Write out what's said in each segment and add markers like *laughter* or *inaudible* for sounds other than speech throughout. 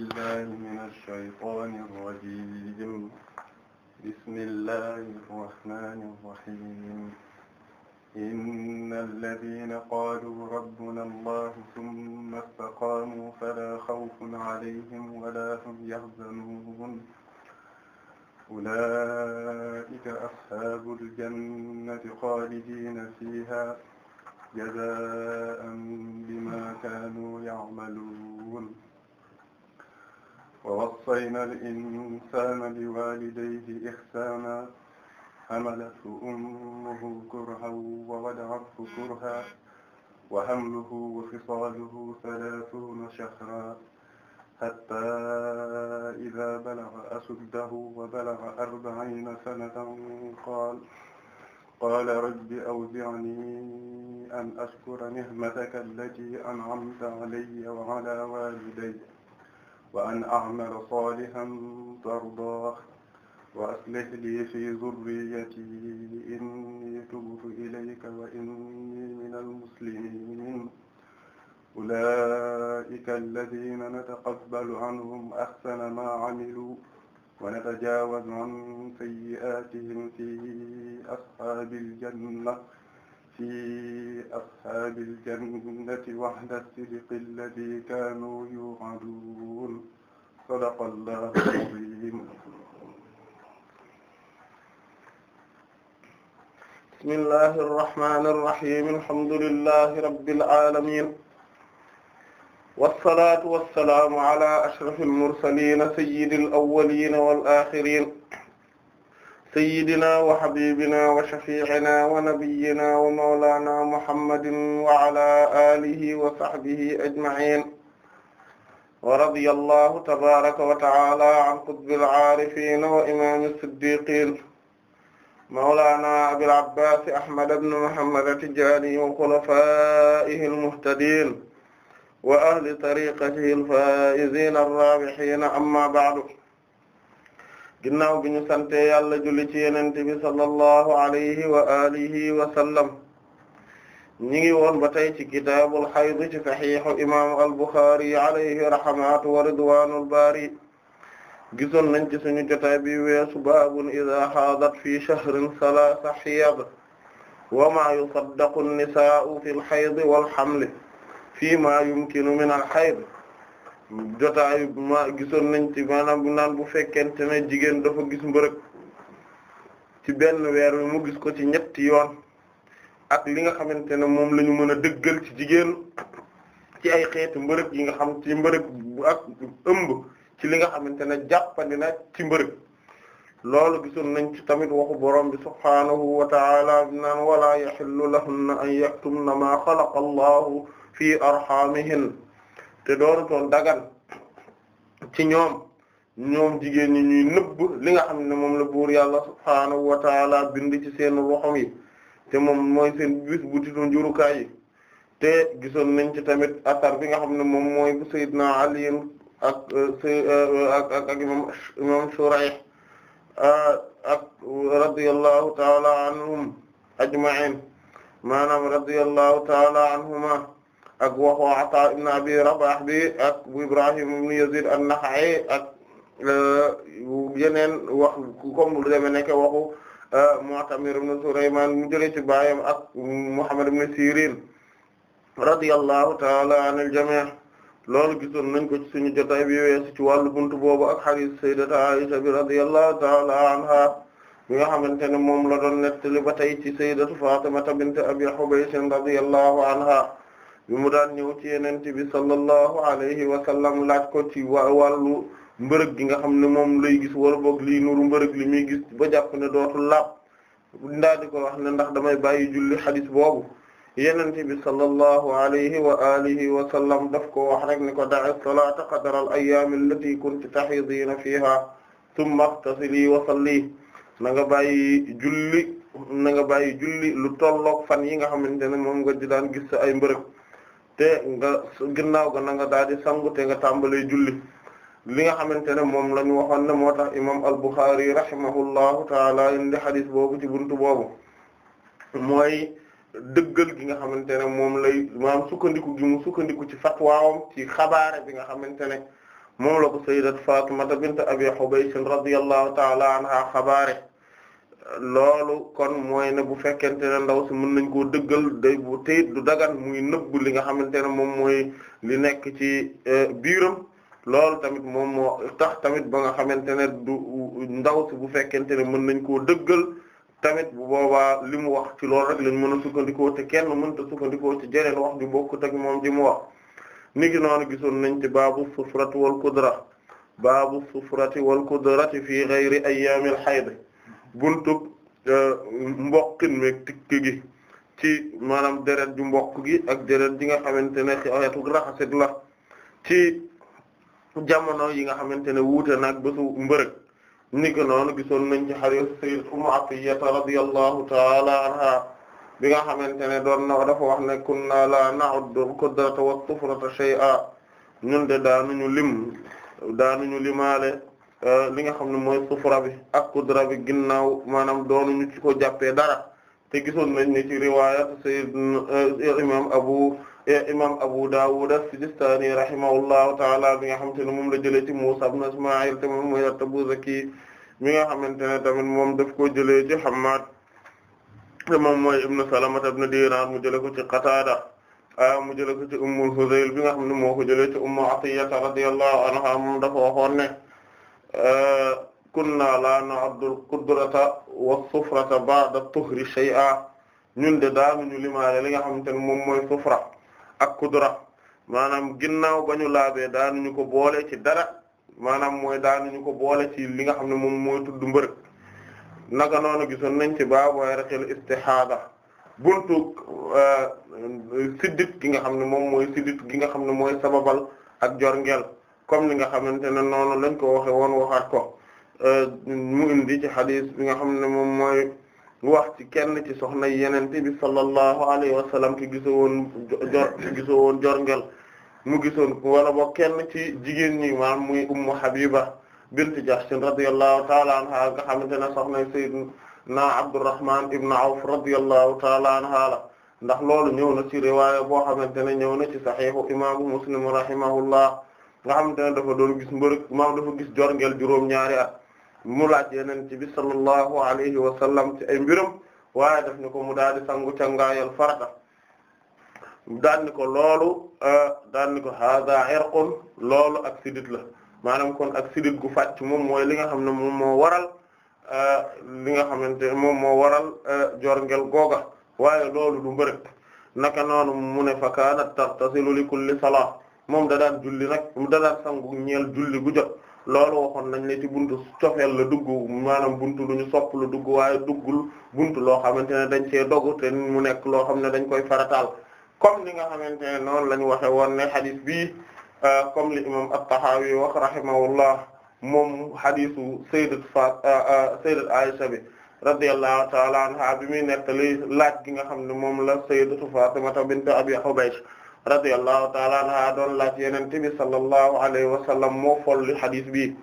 الله من الشيطان الرجيم بسم الله الرحمن الرحيم إن الذين قالوا ربنا الله ثم استقاموا فلا خوف عليهم ولا هم يحزنون أولئك أصحاب الجنة خالدين فيها جزاء بما كانوا يعملون ووصينا الإنسان بوالديه إحسانا حملته أمه كرها ووضعته كرها وحمله وفصاله ثلاثون شهرا حتى إذا بلغ أشده وبلغ أربعين سنة قال قال رب أوزعني أن أشكر نعمتك التي أنعمت علي وعلى والدي wa an a'mala salihan tardah wa aslih li fi dhurriyyati inni tubtu ilayka wa inni minal muslimin ulaika alladhina nataqabbalu anhum ahsana ma 'amilu wa natajawazu an sayyi'atihim fi ashabil janna في أصحاب الجنة وعد الصدق الذي كانوا يوعدون صدق الله العظيم بسم الله الرحمن الرحيم الحمد لله رب العالمين والصلاة والسلام على أشرف المرسلين سيد الأولين والآخرين sayyidina wa habibina wa shafi'ina wa nabiyyina wa mawlana muhammadin wa ala alihi wa sahbihi ajma'in wa radiyallahu tabaraka wa ta'ala an qutbil aarifin wa imam as-siddiqin mawlana abil abbas ahmad ibn muhammad at-tijani wa khulafa'ihi al-muhtadin wa ahli tariqatihi al-faa'izin ar-raabihin amma ba'du ginnaaw bi ñu sante yàlla julli ci yenente bi sallallahu alayhi wa alihi wa sallam ñi ngi woon ba tey ci kitaabul hayd ci saxiixu imaamu al-Bukhari alayhi rahmatu wa ridwanul baari gisoon nañ ci suñu jotaay bi weesu baabun idaa haadat fi shahrin salaasa hiyad wa maa yusaddaqu an-nisaa'u fil hayd wal hamli fii maa yumkinu min al-hayd jotaay ma gisoon nañ ci maanaam bu naan bu fekkente ne jigéen dafa gis mbërëg ci benn weer wi mu gis ko ci ñetti yoon ak li nga xamante ne moom la mën a dëggal ci jigéen ci ay xeetu mbërëg yi nga xam ci mbërëg ëmb ci li nga xamante ne jàppandi na ci mbërëg loolu gisoon nañ ci tamit waxu boroom bi subhaanahu wa ta'ala bi naan wala yaxillu lahunna an yaktumna ma xalaqa allahu fi arhamihin te doonutoon dagan ci ñoom ñoom jigéen ñi ñuy nëbb li nga xam ne moom la buur yàlla subhaanahu wa taala bind ci seen loxom yi te moom mooy seen bis bu titu njurukaay yi te gisoon nañ ci tamit asar bi nga xam ne moom mooy bu Seydina Ali ak euh, ak ak imam imam Shurayh euh, ak radiyallahu taala ajma'in maanaam radiyallahu taala anhuma ak waxu Ata ibn Abi Rabah bi ak bu Ibrahim ibn Yazid an-Nakha'i ak euh, yeneen wax comme lu demee nekk waxu euh, Mu'tamir ibn Sulayman mu jëlee ci baayam ak Muhammad ibn Sirin radiyallahu ta'ala anil jami' loolu gisoon nañ ko ci suñu jotaay bi weesu ci wàllu buntu boobu ak hadith sayyidati Aisha bi radiyallahu ta'ala anha mi nga xamante ne moom la doon nettali ba tey ci sayyidatu Fatima bint Abi Hubaysh radiyallahu anha bi mu daan ñëw ci yenente bi sallallahu alayhi wa sallam laaj ko ci wa wàllu mbërëg gi nga xam ne moom lay gis wala boog lii nuru mbërëg li mi gis ba jàpp ne dootul laab ndaa di ko wax ne ndax damay bàyyi julli xadis boobu yenente bi sallallahu alayhi wa alihi wa sallam daf ko wax rek ne ko da'i salaata qadara al ayyaam allati kunti tahidiina fiha thumma ightasili wa salli na nga bàyyi julli na nga bàyyi julli lu tolloog fan yi nga xamante ne moom nga di daan gis sa ay mbërëg te nga ginnaaw ga nanga nga daal di sangu te nga tàmbalee julli li nga xamante ne moom lañu waxoon ne moo tax imam al-Bukhari rahimahullahu taala indi xadis boobu ci buntu boobu mooy dëggal gi nga xamante ne moom lay maanaam sukkandiku gi mu sukkandiku ci fatwaawam ci xabaare bi nga xamante ne moom la ko sayyidat Fatimata bint Abi Hubaysh radiyallahu taala anha xabaare loolu kon mooy ne bu fekkente ne ndaw si mën nañ koo dëggal day bu tey du dagan muy nëbb li nga xamante ne moom mooy li nekk ci euh, biiram loolu tamit moom moo tax tamit ba nga xamante ne du ndaw si bu fekkente ne mën nañ koo dëggal tamit bu boobaa li mu wax ci loolu rek lañ mën a sukkandikoo te kenn mën mënta sukkandikoo ci jeneen wax ju bokkut ak moom ji mu wax niki noonu gisoon nañ ci baabu sufrati wal qudra baabu sufrati wal qudrati fi ghayri ayyaamil hayd buntub euh, mboqin meeg tikk gi ci maanaam deret ju mboq gi ak deret ji nga xamante ne xeetu raxasit la ci jamono yi nga xamante ne wuute nag bésu mbërëg ni ko noonu gisoon nañ ci xarit sayyid Ummu Atiyya radiyallahu ta'ala anha bi nga xamante ne doon na dafa wax ne kunna la na'uddu al-qudrata wa at-tufrata shay'a ñun de daanuñu lim daanuñu limaale Euh, li nga xam ne mooy sufra bi ak qudra bi ginnaaw maanaam doonu ñu ci ko jàppee dara te gisoon nañ ne ci riwayat sayyid euh, imam abu euh, imam abu dawud as-sijistani rahimahullahu taala bi nga xamante ne moom la jëlee ci musa ibn isma'il te moom mooy at-tabuzaki mi nga xamante ne tamit moom def ko jëlee ci hammad te moom mooy ibn salamata ibn dinar mu jëlee ko ci qatada a ah, mu jëlee ko ci ummul hudayl bi nga xam ne moo ko jëlee ci u atiyya radiyallahu anha moom dafa waxoon ne kunna la na'dul qudrata wa sufrata ba'da tuhri shay'a ñun de daanuñu limaale li nga xamante ne moom mooy sufra ak qudra maanaam ginnaaw ba ñu laabee daanuñu ko boole ci dara maanaam mooy daanuñu ko boole ci li nga xam ne moom mooy tudd mbërëg naka noonu gisoon nañ ci baabu raxil istihaada buntu euh, siddit gi nga xam ne moom mooy siddit gi nga xam ne mooy sababal ak jorngeel comme ni nga xamante ne noonu lañ ko waxe won waxaat ko euh, mu indi ci xadis bi nga xam ne moom mooy wax ci kenn ci soxna yenente bi sallallahu alayhi wa sallam ki giso woon jor ki giso woon jorngel mu gisoon wala boog kenn ci jigéen ñi maam muy ummu habiba bint jahsh radiyallahu taala anha nga xamante ne soxna sayyidina abdurrahman ibn awf radiyallahu taala anha la ndax loolu ñëw na ci riwaaya boo xamante ne ñëw ci saxiixu imaamu muslim rahimahullah nga xamante ne dafa doon gis mbërëg ma dafa gis jorngeel juróom-ñaari at mu laaj yeneen ci bi sallallahu alayhi wa sallam ci ay mbiram waaye daf ni ko mu daal di sangu cangaayal farata daan ni ko loolu euh, daan ni ko hada irqun loolu ak sidit la maanaam kon ak sidit gu fàcc moom mooy li nga xam ne moom moo waral euh, li nga xamante moom moo waral euh, jorngel googa waaye loolu du mbërëg naka noonu mu ne fa kaanat tartasilu li kulli salaat moom da daan julli nag mu da daan sangu ñeel julli gu jot loolu waxoon nañ ne ci buntu cofeel la dugg maanaam buntu lu ñu sopp la dugg waaye duggul buntu loo xamante ne dañ cee dogu te mu nekk loo xam ne dañ koy farataal comme ni nga xamante ne noonu la ñu waxe woon ne xadis bii euh, comme li imam at-Tahawi wax rahimahullah moom xadisu sayyidat fa euh, euh, sayyidat Aisha bi radiyallahu ta'ala anha bi muy nettali laaj gi nga xam ne moom la sayyidatu Fatima bint Abi Hubaysh radiyallahu taala anha doon laaj yenente bi sallallahu alayhi wa sallam moo folli xadis bi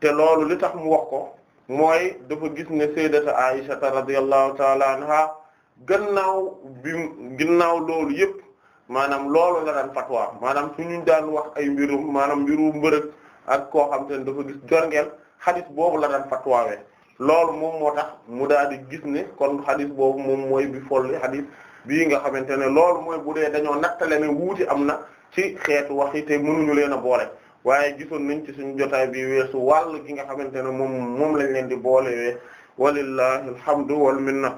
te loolu li tax mu wax ko mooy dafa gis ne sayyidata Aisha radiyallahu taala anha gannaaw bi ginnaaw loolu yëpp maanaam loolu la daan fatwa maanaam suñu daan wax ay mbirum maanaam mbiru mbërëg ak ko xam te ne dafa gis jorngeel xadis boobu la daan fatwaawee loolu moom moo tax mu daal di gis ne kon xadis boobu moom mooy bi folli xadis bii nga xamante ne loolu mooy bu dee dañoo nattale ne wuuti am na ci xeetu wax yi te mënuñu leen a boole waaye gisoon nañ ci suñu jotaay bi weesu wàll gi nga xamante ne moom moom lañ leen di boolewee walillahi alhamdu wal minna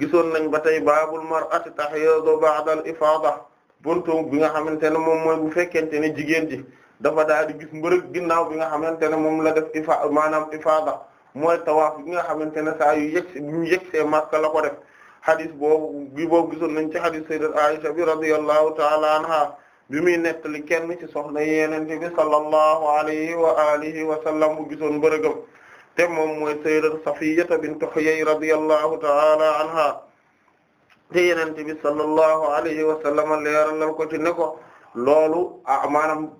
gisoon nañ ba tey baabul mar'ati tahyadu ba'da al ifada buntu bi nga xamante ne moom mooy bu fekkente ne jigéen ji dafa daal di gis mbërëg ginnaaw bi nga xamante ne moom la def ifa maanaam ifada mooy tawaaf bi nga xamante ne saa yu yegg ñu yeggsee Makka la ko def xadis boobu bi boobu gisoon nañ ci xadis sayyidat Aisha bi radiyallahu ta'ala anha bi muy nettali kenn ci soxna yenente bi sallallahu alayhi wa alihi wa sallam bu gisoon bërëgam te moom mooy sayyidat Safiyyata bint Huyay radiyallahu ta'ala anha te yenente bi sallallahu alayhi wa sallam leeralal ko ci ne ko loolu a maanaam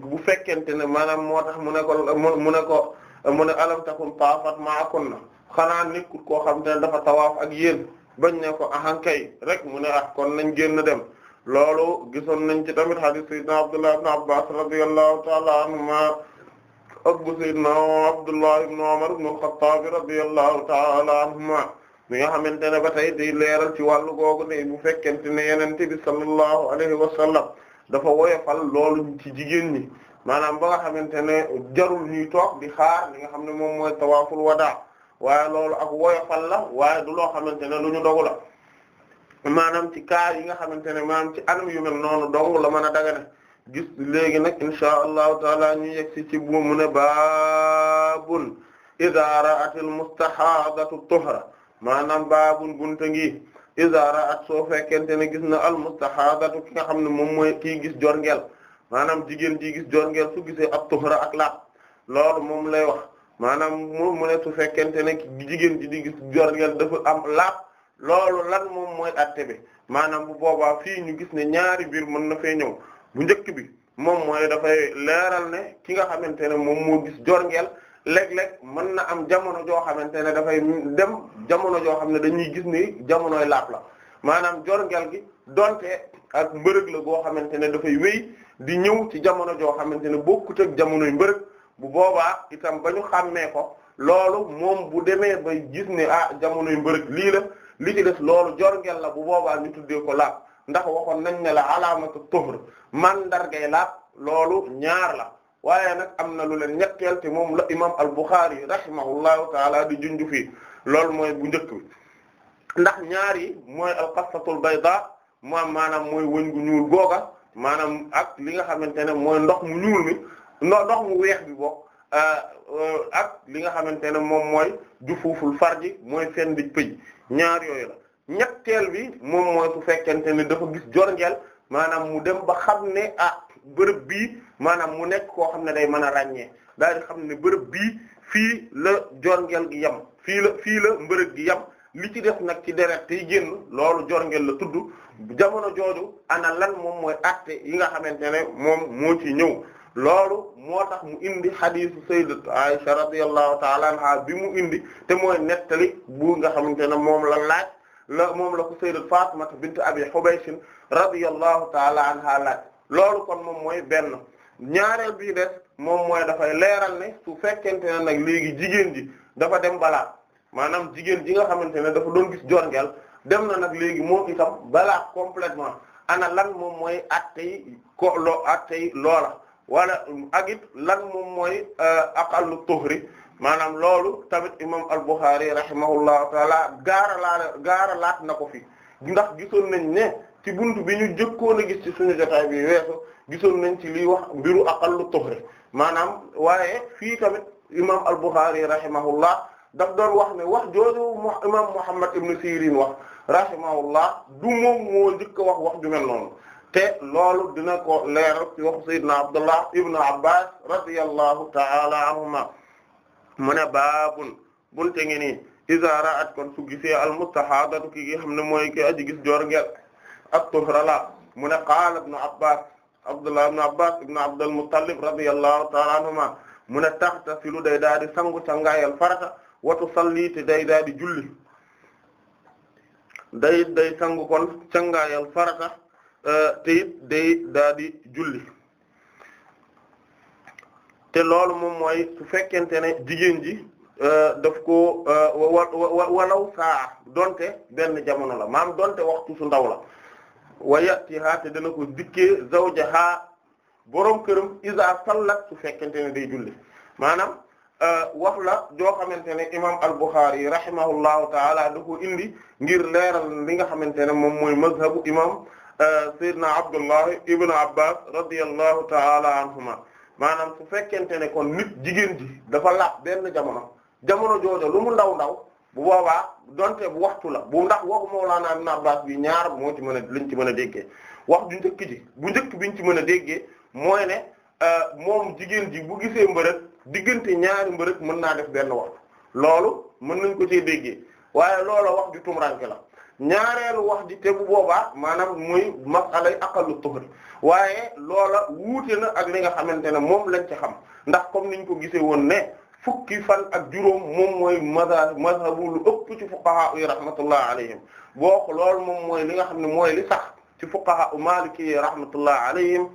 bu fekkente ne maanaam moo tax mu ne ko mu ne ko mu ne alam takun taafat ma'akunna xanaa nekkul koo xam te ne dafa tawaaf ak yéen bañ ne ko ahankay rek mu ne ah kon nañ génn dem loolu gisoon nañ ci tamit hadith sayyidina Abdullah ibn Abbas radiyallahu ta'ala anhuma ak bu sayyidina Abdullah ibn Umar ibn al-Khattab radiyallahu ta'ala anhuma mi nga xamante ne ba tey di leeral ci wàllu googu ne bu fekkente ne yenente bi sallallahu alayhi wa sallam dafa woyofal loolu ci jigéen ñi maanaam ba nga xamante ne jarul ñuy toog di xaar li nga xam ne moom mooy tawaaful wadaa waaye loolu ak woyofal la waaye du loo xamante ne lu ñu dogu la maanaam ci kaar yi nga xamante ne maanaam ci anam yu mel noonu dong la mën a dagane gis léegi nag insha allahu taala ñu yegsi ci bu mu ne baabun idaa ra'atil mustahaadatu tuhra maanaam baabun bunta ngi idaa ra'at soo fekkente gis na al mustahaadatu ki nga xam ne moom mooy kii gis jorngeel maanaam jigéen ji gis jorngeel su gisee ab tuhra ak laab loolu moom lay wax maanaam mu mu ne su fekkente ne jigéen ji di gis jorgel dafa am laab loolu lan moom mooy atte bi maanaam bu boobaa fii ñu gis ne ñaari biir mën na fee ñëw bu njëkk bi moom mooy dafay leeral ne ki nga xamante ne moom moo gis jorngel léeg mën na am jamono joo xamante ne dafay dem jamono joo xam ne dañuy gis ni jamonoy laab la maanaam jorngel gi donte ak mbërëg la boo xamante ne dafay wéy di ñëw ci jamono joo xamante ne bokkut jamono jamonoy mbërëg bu boobaa itam ba ñu xàmmee ko loolu moom bu demee ba gis ne ah jamonoy mbërëg lii la li ci des loolu jorngel la bu boobaa ñu tuddee ko la ndax waxoon nañ ne la alaamatu tuhr mandargay laab loolu ñaar la waaye nag am na lu leen ñetteel te moom la imam al-Bukhari rahimahullahu taala di junj fii loolu mooy bu njëkk bi ndax ñaar yi mooy al-qassatul bayda moom maanaam mooy wëñ ñuul googa maanaam ak li nga xamante ne mooy ndox mu ñuul mi no ndox mu weex bi bokk euh, euh, ak li nga xamante ne moom mooy ju jufuuful farji mooy seen bi pëj ñaar yooyu la ñetteel bi moom mooy su fekkente ne dafa gis jorngeel maanaam mu dem ba xam ne ah bërëb bii maanaam mu nekk koo xam ne day mën a ràññee daal di xam ne bërëb bii fii la jorngeel gi yem fii la fii la mbërëg gi yem li ci def nag ci deret tey génn loolu jorngeel la tudd jamono jooju ana lan moom mooy acte yi nga xamante ne moom moo ci ñëw loolu moo tax mu indi xadiisu sayyidat Aisha radiyallahu ta'ala anha bi mu indi te mooy nettali bu nga xamante ne moom la laaj la moom la ko sayyidat Fatima bint Abi Hubaysh radiyallahu ta'ala anha laaj loolu kon moom mooy benn ñaareel bii des moom mooy dafay leeral ne su fekkente ne nag léegi jigéen ji dafa dem balaa maanaam jigéen ji nga xamante ne dafa doon gis jorngeel dem na nag léegi moo itam balaa complètement ana lan moom mooy attey ko loola wala ak lan moom mooy euh, aqallu tuhri maanaam loolu tamit imam al-Bukhari rahimahullahu taala gaaralaala gaaralaat na ko fi ndax gisoon nañ ne ci buntu bi ñu jëkkoon a gis ci suñu jotaay bi weesu gisoon nañ ci li wax mbiru aqallu tuhri maanaam waaye fii tamit imam al-Bukhari rahimahullah daf doon wax ne wax jooju mu imam Muhammad ibn Sirin wax rahimahullah du moom moo wax wax ju mel noonu te loolu dina ko leeral ci waxu sayyidina Abdullah ibn Abbas radiyallahu ta'ala anhuma mu ne baabun bunte ngi nii ra'at kon su gisee almustahaadatu ki nga xam ne mooy ki aji gis jorngel ak tuhrala mu ne qaala ibn Abbas Abdullah ibn Abbas ibn Abdul Muttalib ta'ala anhuma mu ne taxtasilu day di sangu sangaayal farata wa tusalli te day julli day day kon sangaayal farata E, te it day daa julli te loolu moom mooy su fekkente ne jigéen ji e, daf ko e, wa walaw saa donte benn jamono la maam donte waxtu su ndaw la wa yatiha te dana ko dikkee zawjaha borom këram isa sallat su fekkente ne day julli maanaam wax la joo xamante ne imam al-Bukhari rahimahullahu taala da indi ngir leeral li nga xamante ne moom mooy mazhabu imam Seydina Abdullah Ibn Abbas radiyallahu ta'ala anhuma maanaam su fekkente ne kon nit jigéen ji dafa laab benn jamono jamono joojo lu mu ndaw ndaw bu boobaa donte bu waxtu la bu ndax laa Mawlana Ibn Abbas bi ñaar moo ci mën a ci mën a déggee wax ju njëkk ji bu njëkk biñ ci mën a déggee mooy ne euh, moom jigéen ji bu gisee mbërëg diggante ñaari mbërëg mën naa def benn waxtu loolu mën nañ ko cee déggee waaye loola wax ju tumuranke la ñaareelu wax ji te bu boobaa maanaam muy masalay aqallu tuhri waaye loola wuute na ak li nga xamante ne moom lañ ci xam ndax comme niñ ko gisee woon ne fukki fan ak juróom moom mooy mazhab mazhabu lu ëpp ci fuqaha yi rahmatullah alayhim boo ko loolu moom mooy li nga xam ne mooy li sax ci fuqaha maliki yi rahmatullah alayhim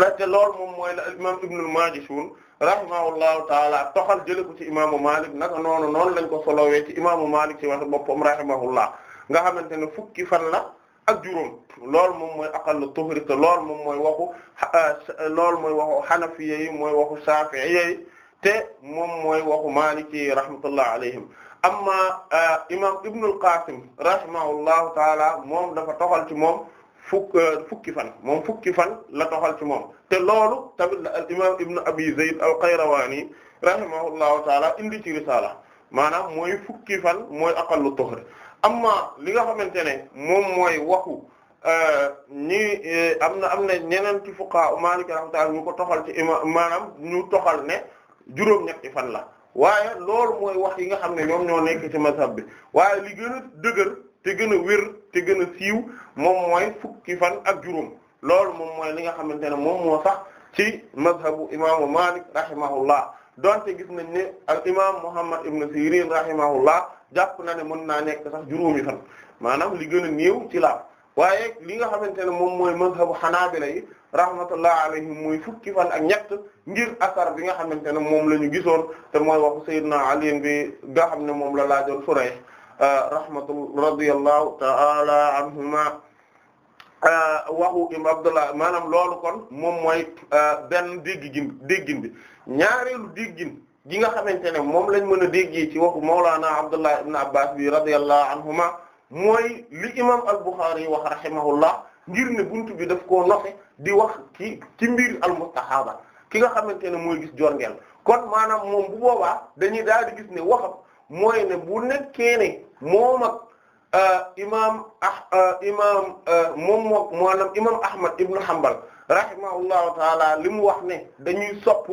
la te loolu moom mooy la imam ibn al-Majishun rahimahullahu taala toxal jële ko ci imaamu Malik naka noonu noonu lañ ko solowee ci imaamu Malik ci wax boppam rahimahullah nga xamante ne fukki fan la ak juróom loolu moom mooy aqallu tuhri te loolu moom mooy waxu eh, loolu mooy waxu xanafiya yi mooy waxu saafiiya yi te moom mooy waxu maaliki rahmatullah alayhim amma eh, imam ibnul qasim rahimahullahu taala moom dafa toxal ci moom fukk eh, fukki fan moom fukki fan la toxal ci moom te loolu tamit la al imam ibnu abi zayd al qayrawani rahimahullahu taala indi ci risaala maanaam mooy fukki fan mooy aqallu tuhri amma li nga xamante ne moom mooy waxu euh, ñi euh, am na am na ñeneen ci fuqaha Maalik rahmatullah ñu ko toxal ci ima maanaam ñu toxal ne juróom-ñetti fan la waaye loolu mooy wax yi nga xam ne ñoom ñoo nekk ci mazhab bi waaye li gën a dëgër te gën a wér te gën a siiw moom mooy fukki fan ak juróom loolu moom mooy li nga xamante ne moom moo sax ci mazhabu imaamu Maalik rahimahullah donte gis nañ ne al imaam Muhammad ibn Sirin rahimahullah jàpp na ne mën naa nekk sax juróomi fan maanaam li gën a néew ci waaye li nga xamante ne moom mooy xanaa xanaabila yi rahmatullah alayhim muy fukki fan ak ñett ngir asar bi nga xamante ne moom la ñu gisoon te mooy waxu sayyidina Ali bi nga xam ne moom la laajoon Surayh rahmatu radiyallahu ta'ala anhuma waxu im Abdullah maanaam loolu kon moom mooy benn déggin déggin bi ñaareelu déggin ki nga xamante ne moom lañ mën a déggee ci waxu Mawlana Abdullah ibn Abbas bi radiyallahu anhuma mooy li imam al-Bukhari yi wax rahimahullah ngir ne buntu bi def ko noxe di wax ci ci mbir al-mustahaba ki nga xamante ne mooy gis jorngeel kon maanaam moom bu boobaa dañuy daal di gis ne waxam mooy ne bu nekkee ne moom ak euh, imaam ah euh, imaam euh, moom moom maanaam imaam wax ne dañuy sopp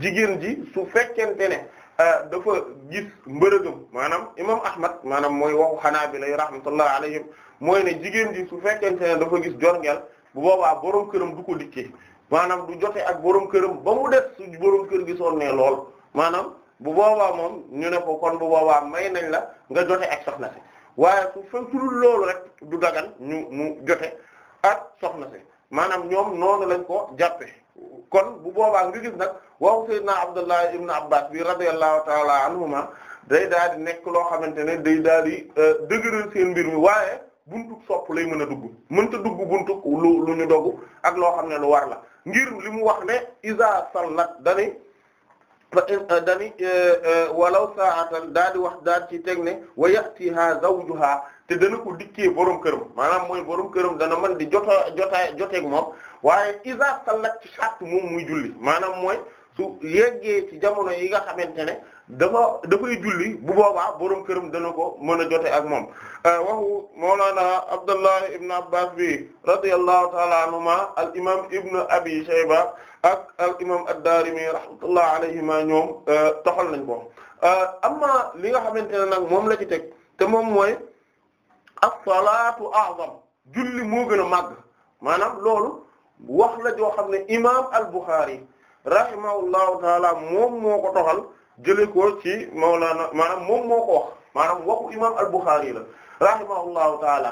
jigéen ji su fekkente ne euh, dafa gis mbërëgëm maanaam imam ahmad maanaam mooy waxu xanaabila yi rahmatullah alayhim mooy ne jigéen ji su fekkente ne dafa gis jorngeel bu boobaa borom këram du ko dikkee maanaam du jote ak borom këram ba mu def su borom kër gi sonne lool maanaam bu boobaa moom ñu ne ko kon bu boobaa may nañ la nga jote ak soxna si waaye su fekkul loolu rek du dagan ñu mu jote ak soxna si maanaam ñoom noonu lañ ko jàppe kon bu boobaa nga gis nag waxu sayyidina Abdullah ibn Abbas bi radiyallahu ta'ala anhuma day daal nekk loo xamante ne day daal di euh, dëgëral seen mbir mi waaye buntu sopp lay mën a dugg mënta dugg buntu lu lu ñu dogu ak loo xam ne lu war la ngir li mu wax ne isa sallat dani euh, dani euh, walaw sa'atan daal di wax daal ci teg ne wa yatiha zawjuha te dana ko dikkee borom këram maanaam mooy borom këram dana mën di jota jota joteeg moom waaye isa sallat ci sàtt moom muy julli maanaam mooy su yeggee ci jamono yi nga xamante ne dafa dafay julli bu boobaa borom këram dana ko mën a jote ak moom euh, waxu Mawlana Abdullah ibn Abbas bi radiyallahu ta'ala anhuma al imam ak al imam ad-Darimi rahmatullah alayhima ñoom euh, toxal nañ ko euh, amma li nga xamante ne nag moom la ci teg te moom mooy as-salatu a'zam julli moo gën a màgg maanaam loolu wax la joo xam ne imaam al-Bukhari rahimahullahu taala moom moo ko toxal jëlee ko ci Mawlana maanaam moom moo ko wax maanaam waxu imaam al-Bukhari la rahimahullahu taala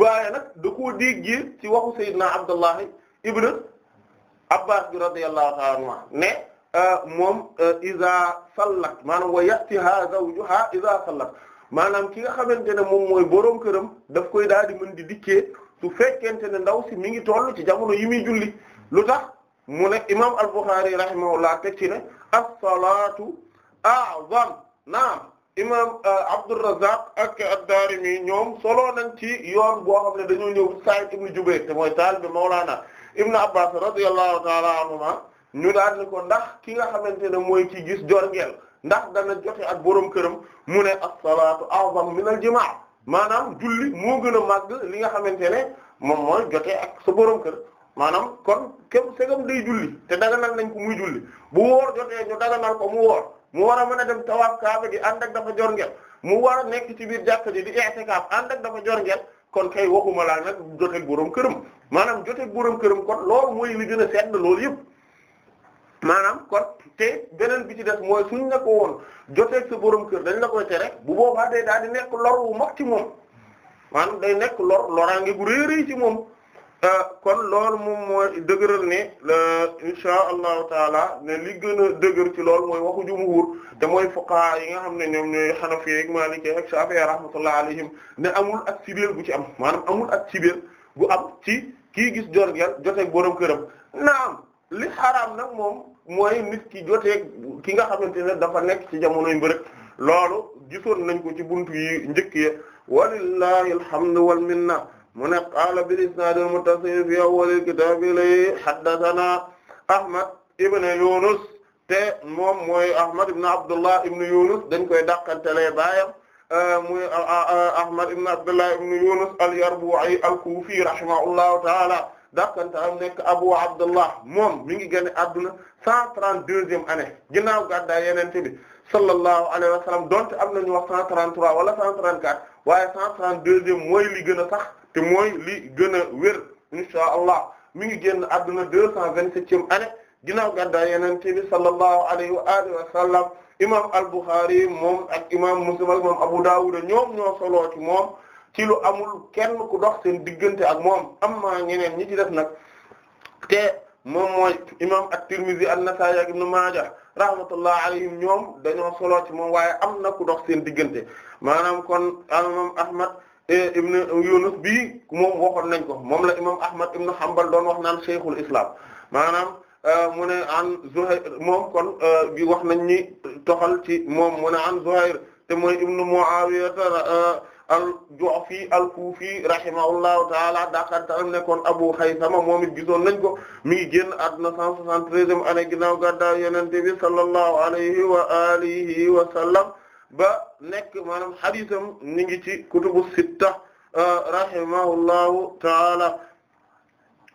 waaye nag da koo déggee ci waxu Seydina Abdullahi Ibn Abbas bi radiyallahu taala anhu ne euh, moom euh, iza sallat maanaam wa yatiha zawjuha iza sallat maanaam ki nga xamante ne moom mooy borom këram daf koy daal di mën di dikkee. su fekkente ne ndaw si mi ngi toll ci jamono yi muy julli lu tax mu ne imam al-Bukhari rahimahullah teg ci ne as-salaatu a'zam naam imam euh, Abdurrazzaq ak ad-Daarimi ñoom solo nañ ci yoon boo xam ne dañoo ñëw Sa'id ibn Jubayr te mooy taalibe Mawlaana Ibn Abbas radiyallahu ta'ala anhuma ñu daal ni ko ndax ki nga xamante ne mooy ci gis jorngeel ndax dana jote ak borom këram mu ne as-salaatu a'zam min al maanaam julli moo gën a màgg li nga xamante ne moom mooy jote ak sa borom kër maanaam kon képp segam dey julli te daganal nañ ko muy julli bu woor jotee ñu daganal ko mu wor mu war a mën a dem tawaaf kaaba gi ànd ak dafa jor ngel mu war a nekk ci biir jàkka ji di i'tikaaf ànd ak dafa jor ngel kon kay waxuma laa nag joteeg borom këram maanaam jote borom këram kon loolu mooy li gën a na loolu yëpp maanaam ko te beneen bi ci des mooy su la ko woon joteeg sa borom kër dañ la koy tere bu boobaa day daal di nekk lor wu mag ci moom maanaam day nekk lor loraange gu rëy rëy ci moom euh, kon lool moom mooy dëgëral ne insha allahu taala ne li gën a dëgër ci lool mooy waxu jumhur te mooy fuqaha yi nga xam ne ñoom ñooy xanafi ak maliki ak shafi'i rahmatullah alayhim ne amul ak cibéer bu ci am maanaam amul ak cibéer bu am ci kii gis jorgeel joteeg borom këram naam li xaraam nag moom mooy nit ki jotee ki nga xamante ne dafa nekk ci jamonoy mbërëg loolu gisoon nañ ko ci buntu yi njëkk ya walillahi alhamdu wal minna mu ne qaala bil isnaad al muttasil fi awwalil kitaab ilay haddathana ahmad ibn yunus te moom mooy ahmad ibn abdullah ibn yunus dañ koy dàqantelee baayam euh, muy euh, euh, ahmad ibn abdullah ibn yunus al yarbu'i al kufi rahimahullahu taala dàqantaam nekk Abu Abdullah moom mi ngi génn adduna cent trente-deuxième année ginnaaw gàddaay yenente bi sallallahu alayhi wa sallam donte am nañu wax cent trente-trois wala cent trente-quatre waaye cent trente-deuxième mooy li gën a sax te mooy li gën a wér inshaa Allah mi ngi génn adduna deux cent vingt-septième année ginnaaw gàddaay yenente bi sallallahu alayhi wa alihi wa sallam imam al-Bukhari moom ak imam Muslim ak imam Abu Dawud ñoom ñoo soloo ci moom ci lu amul kenn ku dox seen diggante ak moom am ñeneen ñi ci def nag te moom mooy imam at-Tirmidhi an-Nasa'i ak Ibn Maaja rahmatullah alayhim ñoom dañoo solo ci moom waaye am na ku dox seen diggante maanaam kon imam Ahmad e, ibn Yunus bi moom woxoon nañ ko moom la imam Ahmad ibn Hanbal doon wax naan shaykhul islam maanaam e, mu an Zuhair moom kon e, bi wax nañ ni toxal ci moom mu ne an Zuhair te mooy ibn Muawiya al-Ju'fi al-Kufi rahimahullahu ta'ala dakantaram nekkoon Abu Haythama moom it gisoon nañ ko mi ngi génn àdduna 173e année ginnaaw gàddaay Yonent bi sallallahu alayhi wa alihi wa sallam ba nekk maanaam hadiisam mi ngi ci kutubu sitta euh, rahimahullahu ta'ala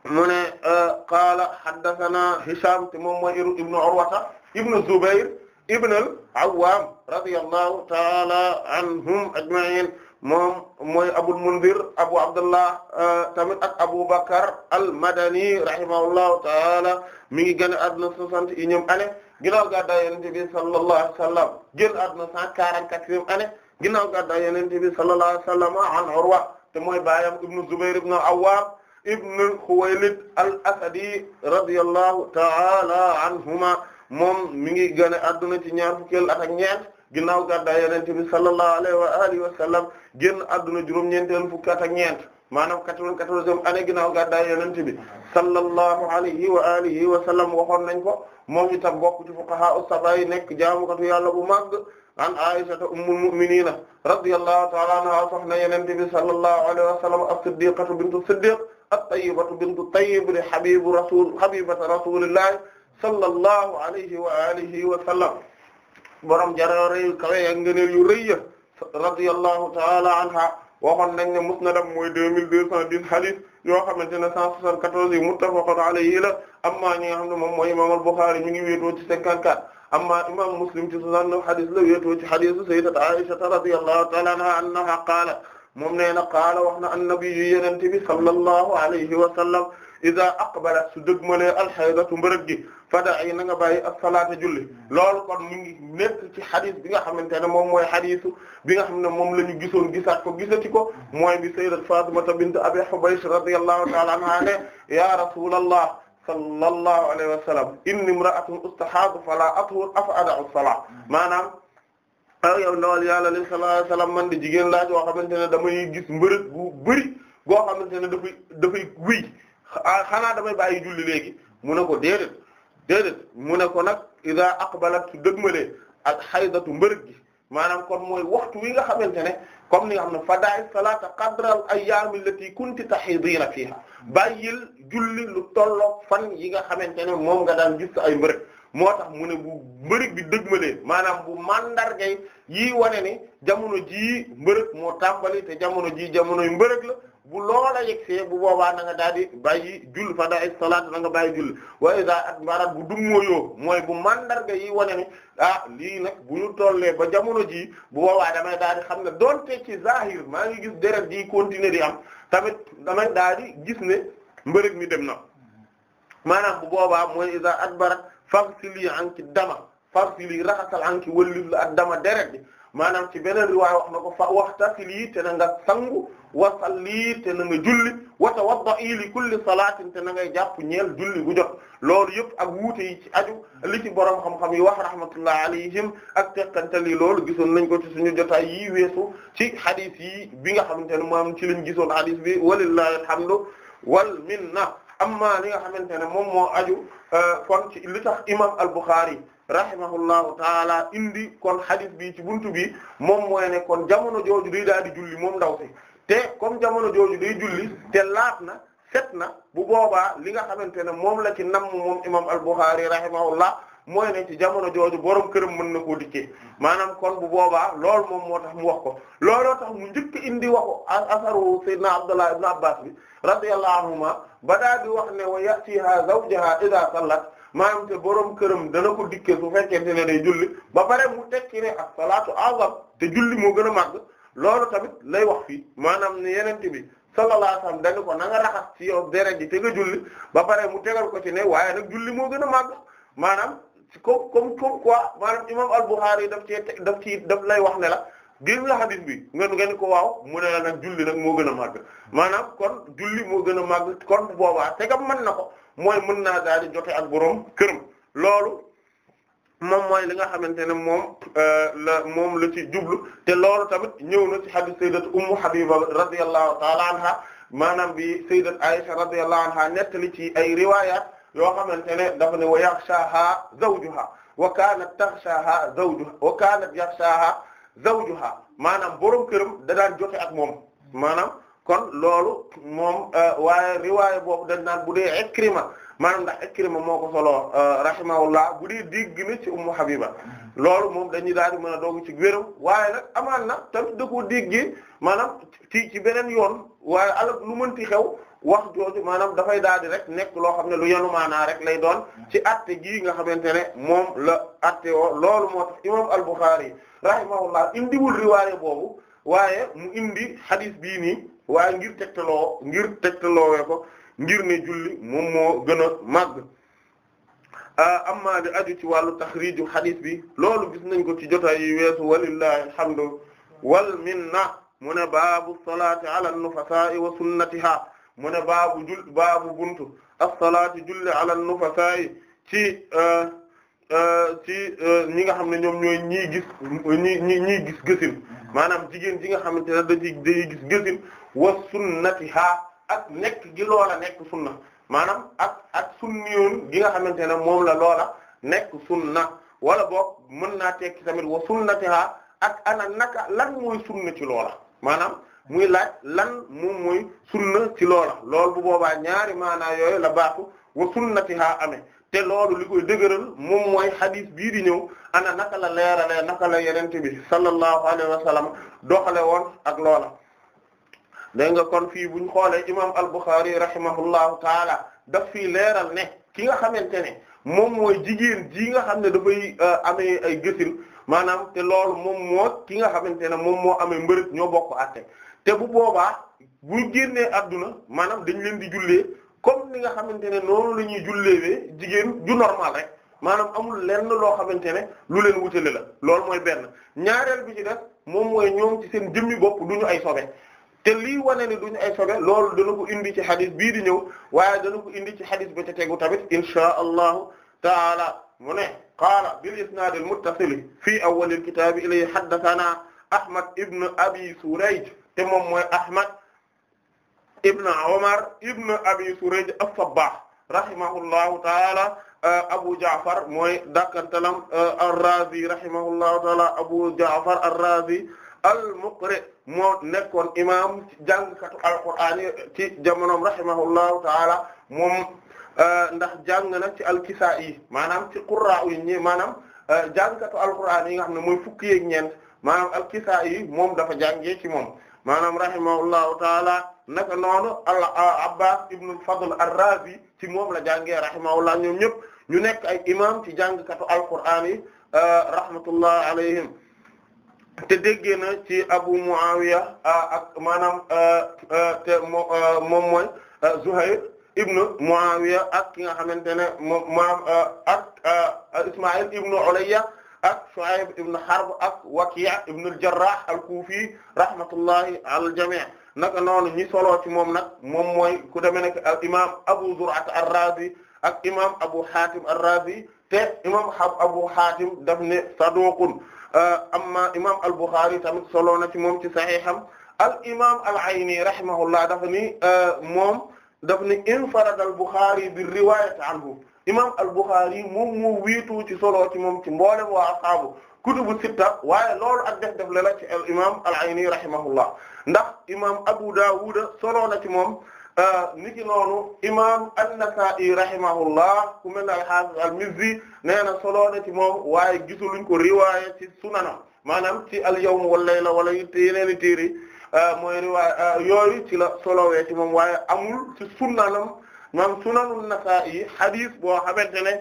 mu ne euh, qaala haddathana Hisham te moom mooy ibnu Urwata ibnu Zubayr ibnu al-Awwam radiyallahu ta'ala anhum ajma'in moom mooy Abul Munzir Abu Abdullah euh, tamit ak Abu Bakar al-Madani rahimahullahu taala mi ngi génn àdduna soixante et unième année ginnaaw gàddaay Yonent bi sallallahu alayhi wa sallam génn àdduna cent quarante-quatrième année ginnaaw gàddaay Yonent bi sallallahu alayhi wa sallam an Urwa te mooy baayam ibnu Zubayr ibnu Awwam ibnu Khuwaylid al-Asadi radiyallahu taala anhuma moom mi ngi génn àdduna ci ñaar fukki at ak ginnaaw gàddaa yonent bi sallallahu alayhi wa alihi wa sallam génn adduna juróom-ñeenteelu fukki at ak ñeent maanaam quatre-vingt-quatorzième année ginnaaw gàddaa yonent bi sallallahu alayhi wa alihi wa sallam waxoon nañ ko moom itam bokk ci fuqaha as-sab'a yi nekk jaamukatu yàlla bu màgg an Aisha ummul mu'minina radiyallahu ta'ala anha soxna yonent bi sallallahu alayhi wa sallam as-siddiqatu bintu siddiq at-tayyibatu bintu tayyib habibu rasul habibatu rasulillahi sallallahu alayhi wa alihi wa sallam borom jaroore yu kawe ak ngëneel yu rëy ya radiyallahu ta'ala anha waxoon nañ ne musnadam mooy deux mille deux cent dix hadith yoo xamante ne cent soixante-quatorze yi muttafaqun alayhi la amma ñi nga xam ne moom mooy imam al-Bukhari mi ngi wéetoo ci cinquante-quatre amma imam Muslim ci soixante-neuf hadith la wéetoo ci hadith sayyidat Aisha radiyallahu ta'ala anha qaala moom nee na qaala wax na annabi yu yenente bi sallallahu alayhi wa sallam iza aqbala su dëgmalee alxaydatu mbërëg gi fada ay na nga bàyyi as-salaata julli loolu kon mu ngi nekk ci xadis bi nga xamante ne moom mooy xadisu bi nga xam ne moom la ñu gisoon gisaat ko gisati ko mooy bi sayyidat Fatimata bint Abi Hubaysh radiyallahu ta'ala anha ne ya rasulallah sallallahu alayhi wa sallam inni imra'atun ustahaadu fala athur afa ada'u as-salaata maanaam aw yow ndawal yàlla li sallallahu alayhi wa sallam man de jigéen laa joo xamante ne damay gis mbërëg bu bëri goo xamante ne dafay dafay wéy Ah, xanaa damay bàyyi julli léegi mu ne ko déedéet déedéet mu ne ko nag ida aqbalat su dëgmalee ak xaydatu mbërëg gi maanaam kon mooy waxtu wi nga xamante ne comme ni nga na ne fadaay salaata qadral ayyaam allati kunti tahidiina fiiha bàyyil julli lu tolloog fan yi nga xamante ne moom nga daan gis ay mbërëg moo tax mu ne bu mbërëg bi dëgmalee maanaam bu mandargay yi wane ni jamono jii mbërëg moo tàmbali te jamono jii jamonoy mbërëg la bu loola yegsee bu boobaa na nga daal di bàyyi jull fa da salaat na nga bàyyi jull waaye daa at maanaam bu dummóoyoo mooy bu mandarga yi wane ne ah lii nag bu ñu tollee ba jamono jii bu boobaa damay daal di xam ne donte ci zahir maa ngi gis deret ji continuer di am tamit damay daal di gis ne mbërëg mi dem na maanaam bu booba mooy isa at barat fag si lii an ki dama fag si lii raxasal la ak dama deret bi maanaam ci beneen riwaay wax na ko fa waxtasili te na nga sangu wa salli te na nga julli wa tawadda'i li kulli salaatin te na ngay jàpp ñeel julli gu jot loolu yëpp ak wuute ci aju li ci borom xam-xam yi wax rahmatullah alayhim ak teqantali loolu gisoon nañ ko ci suñu jotaay yi weesu ci hadith yi bi nga xamante ne moom ci lañ gisoon hadith bi walillahi alhamdu wal minna amma li nga xamante ne moom moo aju euh, kon ci li tax imam al-Bukhari rahimahullahu taala indi kon hadith bi ci buntu bi moom mooy ne kon jamono jooju day daal di julli moom ndaw si te comme jamono jooju day julli te laat na set na bu boobaa li nga xamante ne moom la ci nam moom imam al-Bukhari rahimahullah mooy ne ci jamono jooju borom këram mën na koo dikkee maanaam kon bu boobaa lool moom moo tax mu wax ko looloo tax mu njëkk indi waxu asaru sayyidina Abdullah ibn Abbas bi radiyallahu anhuma ba daal di wax ne wa yatiha zawjaha idha sallat maanaam te borom këram dana ko dikke su fekkente ne day julli ba pare mu tekki ne ak salaatu azam te julli moo gën a màgg loolu tamit lay wax fii maanaam ne yenente bi sallallahu alayhi wasallam ko nanga nga raxas ci yow deret ji te nga julli ba pare mu tegal ko ci ne waaye nag julli moo gën a màgg maanaam comme comme comme quoi maanaam imam al-Bukhari daf cee daf ci daf lay wax ne la gén la bi nga ngeen ko waaw mu ne la nag julli nag moo gën a màgg maanaam kon julli moo gën a màgg kon boobaa te gam mën na ko mooy mën naa daal di jote ak boroom këram loolu moom mooy li nga xamante ne moom euh, la moom la ci jublu te loolu tamit ñëw na ci hadith sayyidat ummu habiba radiyallahu ta'ala anha maanaam bi sayyidat aisha radiyallahu anha nettali ci ay riwayat yoo xamante ne dafa ne wa yakhshaha zawjuha wa kanat takhshaha zawjuha wa kanat yakhshaha zawjuha maanaam boroom këram da daan jote ak moom maanaam kon loolu moom euh, waaye riwaay boobu dañ naan bu dee Ikrima maanaam ndax Ikrima moo ko solo euh, rahimahullah bu dee dégg na ci Ummu Habiba loolu moom dañuy daal di mën a doog ci wéram waaye nag amaan na tamit da koo déggee maanaam ci ci beneen yoon waaye alal lu mënti xew wax jooju maanaam dafay daal di rek nekk loo xam ne lu yenu maanaa rek lay doon ci atte gii nga xamante ne moom la atte woo loolu moo tax imam Al-Bukhârî rahimahullah indiwul riwaay boobu waaye mu indi hadith bii nii waaye ngir tegtaloo ngir tegtaloowee ko ngir ni julli moom moo gën a màgg amma di aju ci wàllu taxriiju hadith bi loolu gis nañ ko ci jotaay yi weesu walillahi alhamdu wal minna mu ne baabu salaati ala nufasaa wa sunnatiha mu ne baabu jul baabu buntu as-salaati julli ala nufasaa ci ci ñi nga xam ne ñoom ñooy ñii gis ñi ñi ñii gis gësin maanaam jigéen ji nga xamante ne da ci day gis gësin wa sunnatiha ak nekk gi loola nekk sunna maanaam ak ak sunniyoon gi nga xamante ne moom la loola nekk sunna wala boog mën naa tekki tamit wa sunnatiha ak ana naka lan mooy sunna ci loola maanaam muy laaj lan moom mooy sunna ci loola lool bu boobaa ñaari maanaa yooyu la baatu wa sunnatiha amee te loolu li koy dëgëral moom mooy hadith bii di ñëw ana naka la leerale naka la yenente bi sallallahu alayhi wa sallam doxale woon ak loola dégg nga kon fii buñ xoolee imam al-Bukhari rahimahullahu taala daf fii leeral ne ki nga xamante ne moom mooy jigéen ji nga xam ne dafay uh, amee ay gësin maanaam te loolu moom moo ki nga xamante ne moom moo amee mbërëg ñoo bokk àtte te bu boobaa bu génnee adduna maanaam dañ leen di jullee comme ni nga xamante ne noonu la ñuy julleewee jigéen ju normal rek maanaam amul lenn loo xamante ne lu leen wutale la loolu mooy benn ñaareel bi ci def moom mooy ñoom ci seen jëmmi bopp du ñu ay sobe te lii wane ne du ñu ay sobe loolu dana ko indi ci xadis bii di ñëw waaye dana ko indi ci xadis ba ca tegu tamit inshaa allahu taala mu ne qaala bil isnaad al muttasil fii awwal al kitaab ilay haddathanaa ahmad ibn abi surayj te moom mooy ahmad ibn Umar ibn Abi Surayj as-Sabbah rahimahullahu taala uh, Abu Ja'far mooy dakantalam uh, ar-Razi rahimahullahu taala Abu Ja'far ar-Razi al-Muqri moo nekkoon imaam jàngkatu al-Qur'aan ci jamonoom rahimahullahu taala moom uh, ndax jàng na ci al-Kisaa'i maanaam ci qurraa yi ñi maanaam jàngkatu al-Qur'aan yi nga xam ne mooy fukki yeeg ñeent maanaam al-Kisaa'i moom dafa jàngee ci moom maanaam rahimahullahu taala naka noonu al Abbas ibn al-Fadl ar-Razi ci moom la jàngee rahimahullah ñoom ñëpp ñu nekk ay imam ci jàngkatu alqur'aan yi euh, rahmatullah alayhim te déggee na ci Abu Muawiya ak maanaam euh, euh, te moom mooy Zuhayr ibn Muawiya ak ki nga xamante ne moom maam ak Isma'il ibn Ulayya ak Shu'ayb ibn Harb ak Waki' ibn al-Jarrah al-Kufi rahmatullahi ala al-jami' naka noonu ñi solo ci moom nag moom mooy ku demee nekk al imaam Abu Zur'at ar-Razi ak imaam Abu Hatim ar-Razi te imaam Abu Hatim daf ne saduqun uh, amma imaam al-Bukhari tamit solo na ci moom ci sahiham al imaam al-Ayni rahimahullah dafa ni uh, moom daf ni infarada al-Bukhari bi riwayat anhu imaam al-Bukhari moom moo wiitu ci solo ci moom ci mboolem waa ashaabu kutubu sitta waaye loolu ak def def la la ci al imaam al-Ayni rahimahullah ndax imam Abu Dawud solo na ci moom euh, niki noonu imam an-Nasa'i rahimahullah ku mel ne al-Hafiz al-Mizzi nee na solo na ci moom waaye gisuluñ ko riwaaya ci sunanam maanaam ci al-yawm wal layla wala i téere euh, euh, yooyu ci la solowee ci moom waaye amul ci sunanam maanaam sunanu an-Nasa'i hadith boo xamante ne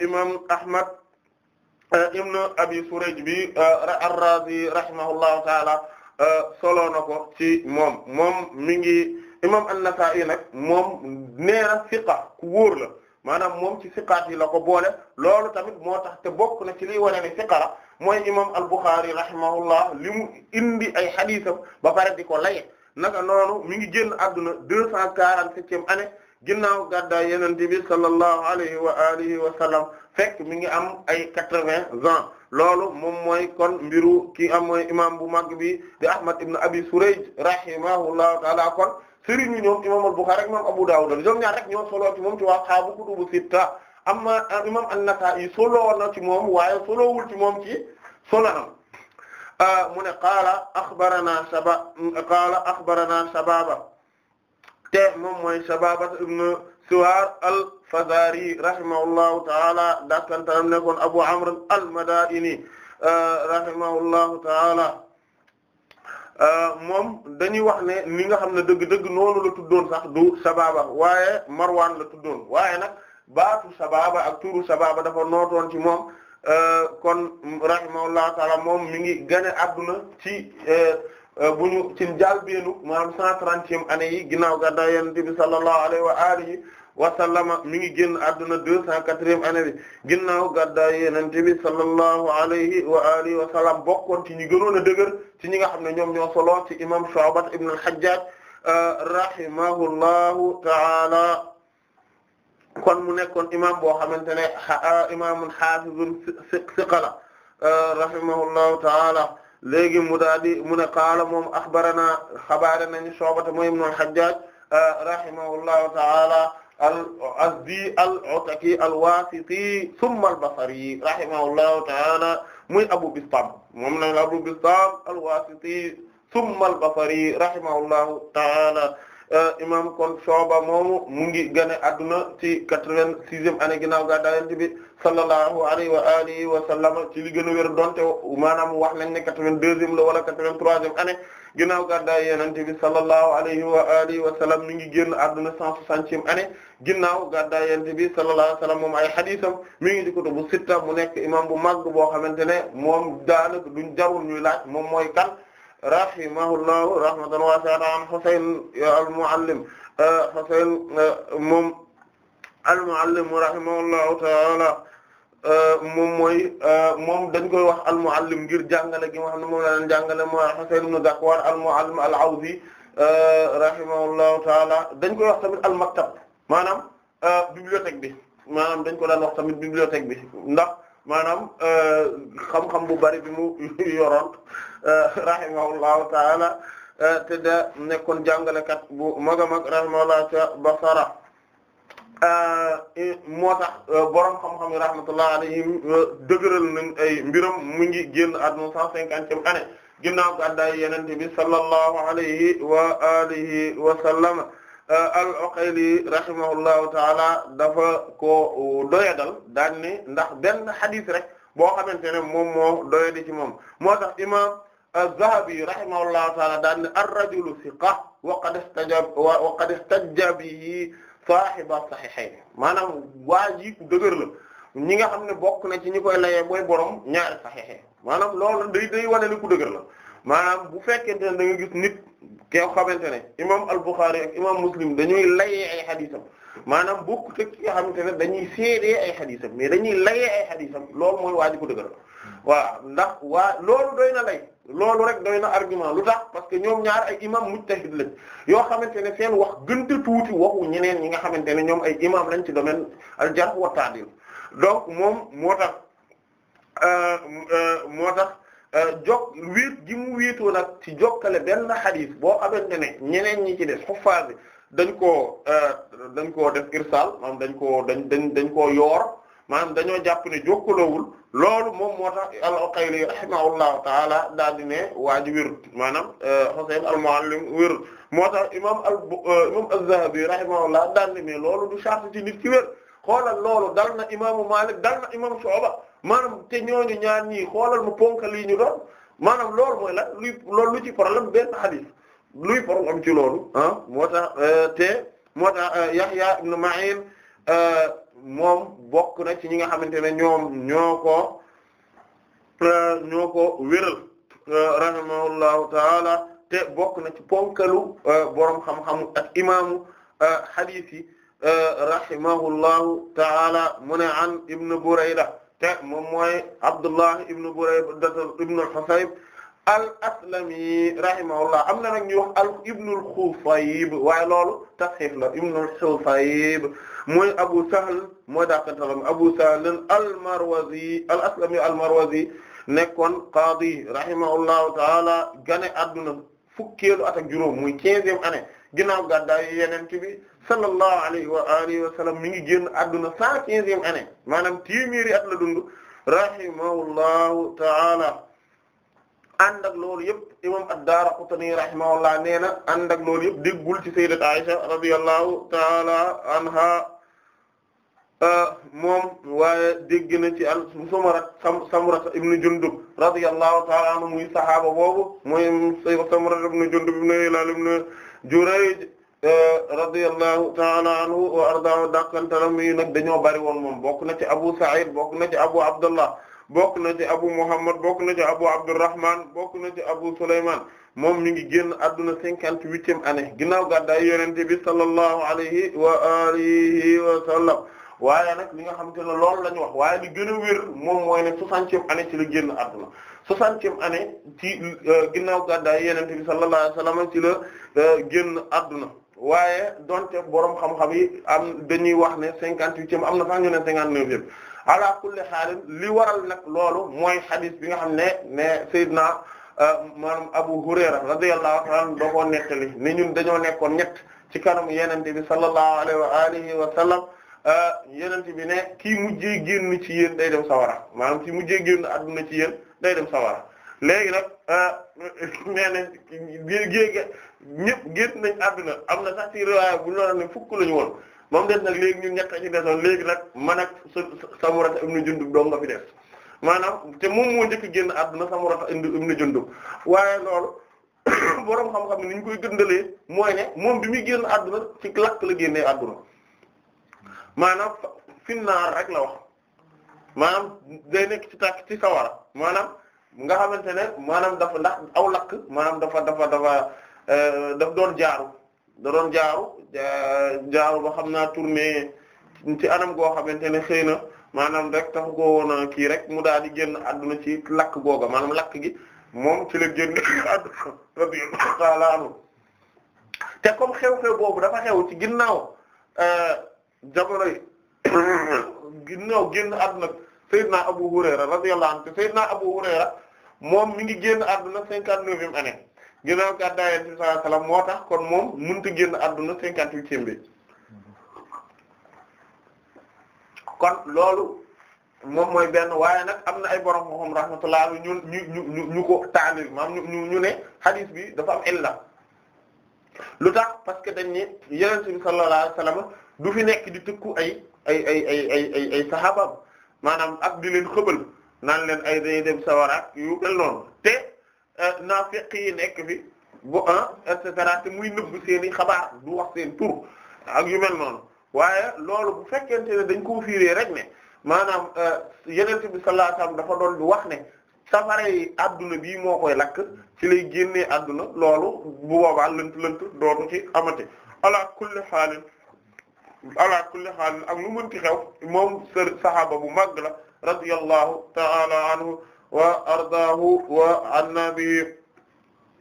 imam Ahmad ibn Abi Surayj bi ar-Razi rahimahullahu ta'ala Euh, solo na ko ci moom moom mi ngi imam an-Nasa'i nag moom nee na ku wóor la maanaam moom ci siqaat yi la ko boole loolu tamit moo tax te bokk na ci liy wane ni siqa la mooy imam al-Bukhari rahimahullah li mu indi ay xadiisam ba pare di ko laye naka noonu mi ngi génn adduna deux cent quarante-septième année ginnaaw gàddaay yonent bi sallallahu alayhi wa alihi wa sallam fekk mi ngi am ay quatre-vingts ans loolu moom mooy kon mbiru ki am mooy imam bu mag bi di Ahmad ibn Abi Surayj rahimahullahu taala kon sëriñu ñoom imam al-Bukhari ak imam Abu Dawud ñoom ñaar rek ñoo solo ci moom ci waa xaabu kutubu sitta amma imam an-Nasa'i soloo na ci moom waaye solowul ci moom ci solonam ah, mu ne qaala axbarana shaba qaala axbarana shababa te moom mooy Shababat ibn Suwar al-Fazari rahimahullahu ta'ala dakantaram nekkoon Abu Amr al-Mada'ini euh, rahimahullahu ta'ala euh, moom dañuy wax ne ni nga xam ne dëgg-dëgg noonu la tuddoon sax du Shababa waaye Marwan la tuddoon waaye nag baatu Shababa ak turu Shababa dafa nootoon ci moom euh, kon rahimahullahu ta'ala moom mi ngi gane adduna ci Euh, bu ñu ci njàlbéenu maanaam cent trentième année yi ginnaaw gàddaay Yonent sallallahu alayhi wa alihi wa sallama mi ngi génn adduna deux cent quatrième année bi ginnaaw gàddaay Yonent sallallahu alayhi wa alihi wa sallam bokkoon ci ñi gënoon a dëgër ci ñi nga xam ne ñoom ñoo solo ci imam Shu'ba ibn al-Hajjaj euh, rahimahullahu ta'ala kon mu nekkoon imam boo xamante ne imaamul haafizun siqala euh, rahimahullahu ta'ala léegi mu daa di mu ne qaala moom axbarana xabaare nañu Shu'ba mooy ibnu al-Hajjaj rahimahullahu ta'ala al-Azdi al-Ataki al-Wasiti thumma al-Basri rahimahullahu ta'ala muy Abu Bistam moom nañ la Abu Bistam al-Wasiti thumma al-Basri rahimahullahu ta'ala Euh, imam kon Shu'ba moomu mu ngi gane adduna ci quatre-vingt-sixième année ginnaaw ga daalente bi sallallahu alayhi wa alihi wa sallam ci li gën a wér donte maanaam wax nañ ne quatre-vingt-deuxième la wala quatre-vingt-troisième année ginnaaw gàddaay yonent bi sallallahu alayhi wa alihi wa sallam mu ngi génn adduna cent soixantième année ginnaaw gàddaay yonent bi sallallahu alayhi wa sallam moom ay xadiisam mi ngi mu nekk imam bu mag boo xamante ne moom daanaka duñ jarul ñuy laaj moom mooy kan rahimahullahu rahmatan wasi'atan an Husayn al-Muallim eh, Husayn eh, moom al-Muallim rahimahullahu ta'ala eh, moom mooy moom dañ koy wax al-Muallim ngir jàngale gi nga xam ne moom la leen jàngale mooy Husayn ibn Zakwaan al-Muallim al-Awdi rahimahullahu ta'ala dañ koy wax tamit al-maktab maanaam bibliothèque bi maanaam dañ ko daan wax tamit bibliothèque bi ndax maanaam xam-xam bu bari bi mu *laughs* yoroon *laughs* rahimahullahu taala te da nekkoon jàngalekat bu mag a mag rahimahullahu taala Basra moo tax borom xam-xam yi ay mbiram mu ngi génn àdduna cent cinquantième taala dafa ko doyadal daan ndax benn xadis rek boo xamante ne moo doyadi ci moom moo tax imaam az-Zahabi rahimahullahu ta'ala daan ne ar-rajulu thiqa wa qad istajab wa qad istajja bihi saahiba sahihayn maanaam waa ji ku dëgër la ñi nga xam ne bokk na ci ñi koy layee mooy borom ñaar saxiix maanaam loolu day day wane ni ku dëgër la maanaam bu fekkente ne da gis nit koo xamante ne imaam al-Bukhari ak imaam Muslim dañuy layee ay maanaam bokkut ak ki nga xamante ne dañuy seedee ay xadiisam mais dañuy layee ay xadiisam loolu mooy waa ji ko dëgëral waaw ndax waa loolu doy na lay loolu rek doy na argument lu tax parce que ñoom ñaar ay imam mujtahid lañ yoo xamante ne seen wax gënte tuuti waxu ñeneen ñi nga xamante ne ñoom ay imam lañ ci domaine al jarh wa donc moom moo tax euh, euh, moo tax euh, jokk wéet gi mu wéetoo nag ci jokkale benn xadis boo xamante ne ñeneen ñi ci des xuffaar bi dañ koo euh, dañ koo def irsal maanaam dañ ko dañ dañ dañ koo yoor maanaam dañoo jàpp ne jokkalowul loolu moom moo tax al-Uqayli rahimahullahu taala daal di ne waa ji wér maanaam euh, Husayn al-Muallim wér moo tax imam al euh, imam az-Zahabi rahimahullah daal di ne loolu du charte ci nit ki wér xoolal loolu dal na imaamu Malik dal na imam Shu'ba maanaam te ñooñu ñaar ñii xoolal mu ponk lii ñu doon maanaam loolu mooy la luy loolu lu ci problème benn hadith luy problème ci loolu ah moo tax euh, te moo euh, Yahya ibn Ma'in euh, moom bokk na ci ñi nga xamante ne ñoom ñoo ko rahimahullahu taala te bokk na ci ponkalu borom xam-xamu ak imaamu hadith yi rahimahullahu taala mu an ibn Burayda te moom mooy Abdullah ibn Burayda ibn al al aslami rahimahullah am na nag ñuy wax al ibnul xufayb waaye loolu tasxiif la ibnul xufayb mooy abu sahl mooy daakantalam abu sahl al marwazi al aslami al marwazi nekkoon qaadi rahimahullahu taala gane adduna fukkeelu at ak juróom muy quinzième année ginnaaw gàddaay yi ci bi sallallahu alayhi wa alihi wa sallam mi ngi génn adduna cent quinzième année maanaam téeméeri at la dund rahimahullahu taala ànd ak loolu yëpp imam ad-Daraqutni rahimahullah nee neena ànd ak loolu yëpp déggul ci sayyidat Aisha radiyallahu anha euh, moom waaye dégg na ci al Samura Samura ibn Jundub radiyallahu ta'ala anhu muy sahaaba boobu mooy Samura ibn Jundub ibn Hilal ibn Jurayj euh, radiyallahu ta'ala anhu wa ardaahu dàqantalam nag dañoo bari woon moom bokk na ci Abu Sa'id bokk na ci Abu Abdullah bokk na ci abu muhammad bokk na ci abu abdurrahman bokk na ci abu sulayman moom mi ngi génn adduna cinquante-huitième année ginnaaw gàddaay yonente bi sallallahu alayhi wa alihi wa sallam waaye nag li nga xam ne lool la ñu wax waaye li gën a wér moom mooy ne soixantième année ci la génn adduna soixantième année ci euh, ginnaaw gàddaay yonente bi sallallahu alayhi wa ci la euh, génn adduna waaye donte borom xam-xam yi am dañuy wax ne cinquante-huitième am na sax ñu ne cinquante-neuvième ala kulli xaalin li waral nag loolu mooy xadis bi nga xam ne ne Seydina euh, maanaam Abu Hurayra radiyallahu ta'ala anhu doo koo nettali ni ñun dañoo nekkoon ñett ci kanam yenente bi sallallahu alayhi wa alihi wa sallam euh, yenente bi ne kii mujjee génn ci yéen day dem sawara maanaam kii mujjee génn adduna ci yéen day dem sawara léegi nag euh, *laughs* nee na géegé ñëpp nañ adduna am na sax ci riwaaya bu ñu la ne fukk lañu woon moom des nag léegi ñun ñett ci desoon léegi nag man ak Samura ibn Jundub doom nga fi def maanaam te moom moo njëkk génn àdduna Samura ibn Jundub waaye loolu *coughs* boroom xam-xam ni ñu koy gëndalee mooy ne moom bi muy génn àdduna ci lakk la génnee àdduna maanaam finnaar rek la wax maanaam day nekk ci tàkk ci sawara maanaam nga xamante ne maanaam dafa ndax aw lakk maanaam dafa dafa dafa euh, daf doon jaaru da doon jaaru jaaru ba xam naa tourné ci anam goo xamante ne xëy na maanaam rek tax koo woon kii rek mu daal di génn adduna ci lakk googa maanaam lakk gi moom ci la génn adduna *laughs* radiyallahu ta'ala te comme xew-xew boobu dafa xew ci ginnaaw euh, jamono yi *coughs* ginnaaw génn adduna Seydina Abu Hurayra radiyallahu anhu te Seydina Abu Hurayra moom mi ngi génn adduna cinquante-neuvième année ginnaaw gàddaay Yonent bi sallallahu alayhi wasallam moo tax kon moom mënut a génn adduna cinquante-huitième bi kon loolu moom mooy benn waaye nag am na ay borom xam-xam rahmatullah ñu ñu ñu ñu ko taalil maam ñu ñu ne hadith bi dafa am illa tax parce que dañ ne Yonent bi sallallahu alayhi wasallam du fi nekk di tëkku ay ay ay ay ay maanaam ak di leen xëbal naan leen ay day dem sawaraak yu mel noonu te. Euh, naafiq yi nekk fi bu ah et cetera te muy nëbbu seen i xabaar du wax seen tur ak yu mel noonu waaye loolu bu fekkente ne dañ koo fiiree rek ne maanaam euh, yonent bi sallallahu alayhi dafa doon di wax ne safara yi àdduna bii moo koy lakk ci lay génnee àdduna loolu bu boobaa lënt lënt dootu ci amate ala kulli xaalin ala kulli xaalin ak lu mënti xew moom sër saxaaba bu màgg la radiyallahu ta'ala anhu wa ardaahu wa anna bi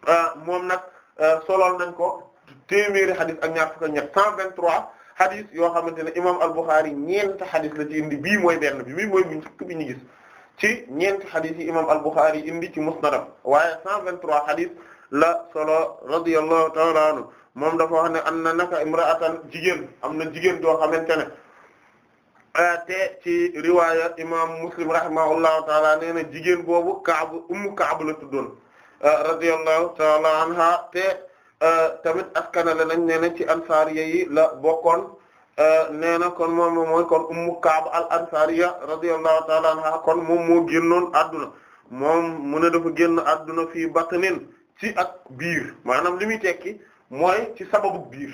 ah, moom nag ah, solol nañ ko téeméeri xadis ak ñaar fukk ak ñett cent vingt-trois xadis yoo xamante ne imam al-Bukhari ñeent xadis la ci indi bii mooy benn bi bii mooy bu njëkk bi ñu gis ci ñeent xadis yi imam al-Bukhari indi ci musnadam waaye cent vingt-trois xadis la solo radiyallahu ta'ala anhu moom dafa wax ne am na naka imra'atan jigéen am na jigéen doo xamante ne te ci riwaaya imam Muslim rahimahullahu taala nee na jigéen boobu Kaabu ummu Kaabu la tuddoon ah, radiyallahu taala te ah, tamit askanale nañ nee na ci ansaariya la bokkoon ah, nee na kon moom mooy kon ummu Kaabu al ansaariya radiyallahu taala anha kon moom moo génnoon adduna moom mu ne dafa génn adduna fii batnin ci ak biir maanaam li muy tekki mooy ci sababu biir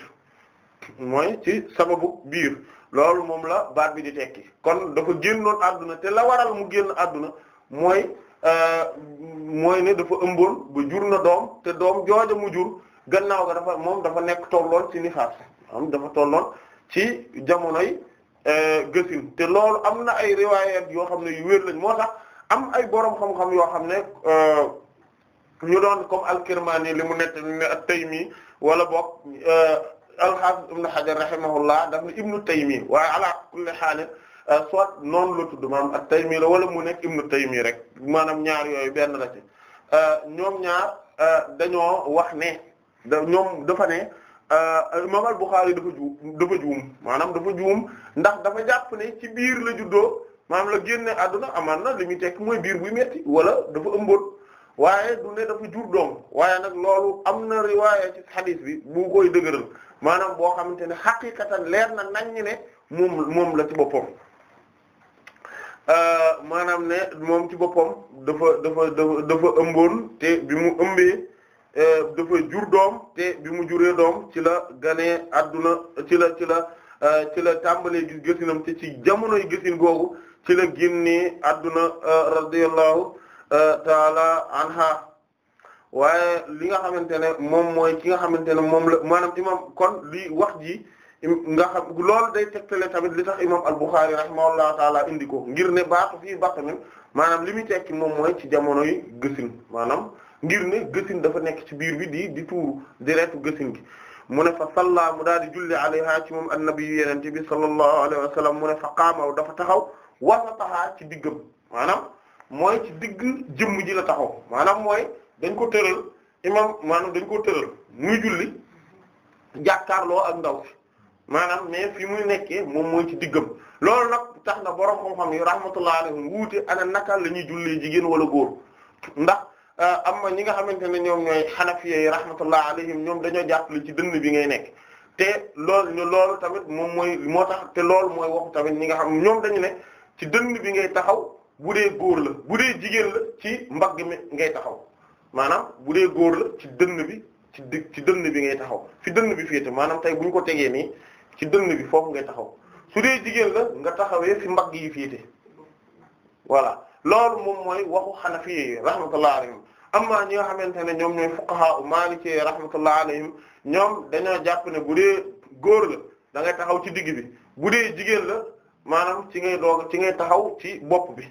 mooy ci sababu biir loolu moom la baat bi di tekki kon dafa génnoon àdduna te la waral mu génn àdduna mooy euh, mooy ne dafa ëmboon ba jur na doom te doom jooja mu jur gannaaw ga dafa moom dafa nekk tolloon ci nifaas am dafa tolloon ci jamonoy euh, gësin te loolu am na ay riwaayat yoo xam ne yu wér lañ moo tax am ay boroom xam-xam yoo xam ne euh, ñu doon comme al-Kirmani li mu nekk ne at-Taymi wala boog al-Hafiz ibn Hajar rahimahullah daf ne ibnu Taymi waaye ala kulli haal euh, soit noonu la tudd maanaam at-Taymi la wala mu nekk ibnu Taymi rek maanaam ñaar yooyu benn la ci euh, ñoom ñaar euh, dañoo wax ne da ñoom dafa ne Imam al-Bukhari dafa juum maanaam dafa juum ndax dafa jàpp ne ci biir la juddoo maanaam la génne àdduna amaan na li muy mooy biir buy metti wala dafa ëmboon waaye du ne dafa jur doom waaye nag loolu am na riwaaya ci hadith bi bu koy dëgëral maanaam boo xamante ne xaqiqatan leer na naññ ne moom la ci boppam euh, maanaam ne moom ci boppam dafa dafa dafa ëmboon te bi mu ëmbee euh, dafa jur doom te bi mu juree doom ci la ganee adduna ci la ci la euh, ci la tàmbalee gis gësinam te ci jamonoy gësin googu ci la génnee adduna radiyallahu taala anha waaye li nga xamante ne moom mooy ki nga xamante ne moom la maanaam imam kon li wax ji nga xam lool day tegtale tamit li tax imam al-Bukhari rahimahullahu taala indi ko ngir ne baatu fii baxtamin maanam li muy tekki moom mooy ci jamono yi gësin maanaam ngir ne gësin dafa nekk ci biir bi di di tuuru direetu gësin gi mu ne fa salla mu daal di julli alayha ci moom annabi yu yenente bi sallallahu alayhi wa mu ne fa qaama dafa taxaw wasatahaa ci diggam maanaam mooy ci digg jëmm ji la taxaw maanaam dañ ko tëral imam maanaam dañ ko tëral muy julli jàkkaarloo ak ndaw si maanaam mais fi muy nekkee moom mooy ci diggam loolu nag tax na borom xam-xam yi rahmatullahi alayhim wuute ana naka la ñuy jullee jigéen wala góor ndax euh, am na ñi nga xamante ne ñoom ñooy xanafiye yi rahmatullahi alayhim ñoom dañoo jàppale ci dënn bi ngay nekk te lool ñu loolu tamit moom mooy moo tax te loolu mooy waxu tamit ñi nga xam ñoom dañu ne ci dënn bi ngay taxaw bu dee góor la bu dee jigéen la ci mbagg mi ngay taxaw maanaam bu dee góor la ci dënn bi ci di ci dënn bi ngay taxaw fi dënn bi féete maanaam tey bu ñu ko tegee nii ci dënn bi foofu ngay taxaw su dee jigéen la nga taxawee fi mbagg yi fii féete voilà loolu moom mooy waxu xanafi yi rahmatullah alayhim amma ñi nga xamante ne ñoom ñooy fuqaha u maliki rahmatullah alayhim ñoom dañoo jàpp ne bu dee góor la da ngay taxaw ci digg bi bu dee jigéen la maanaam ci ngay doog ci ngay taxaw ci bopp bi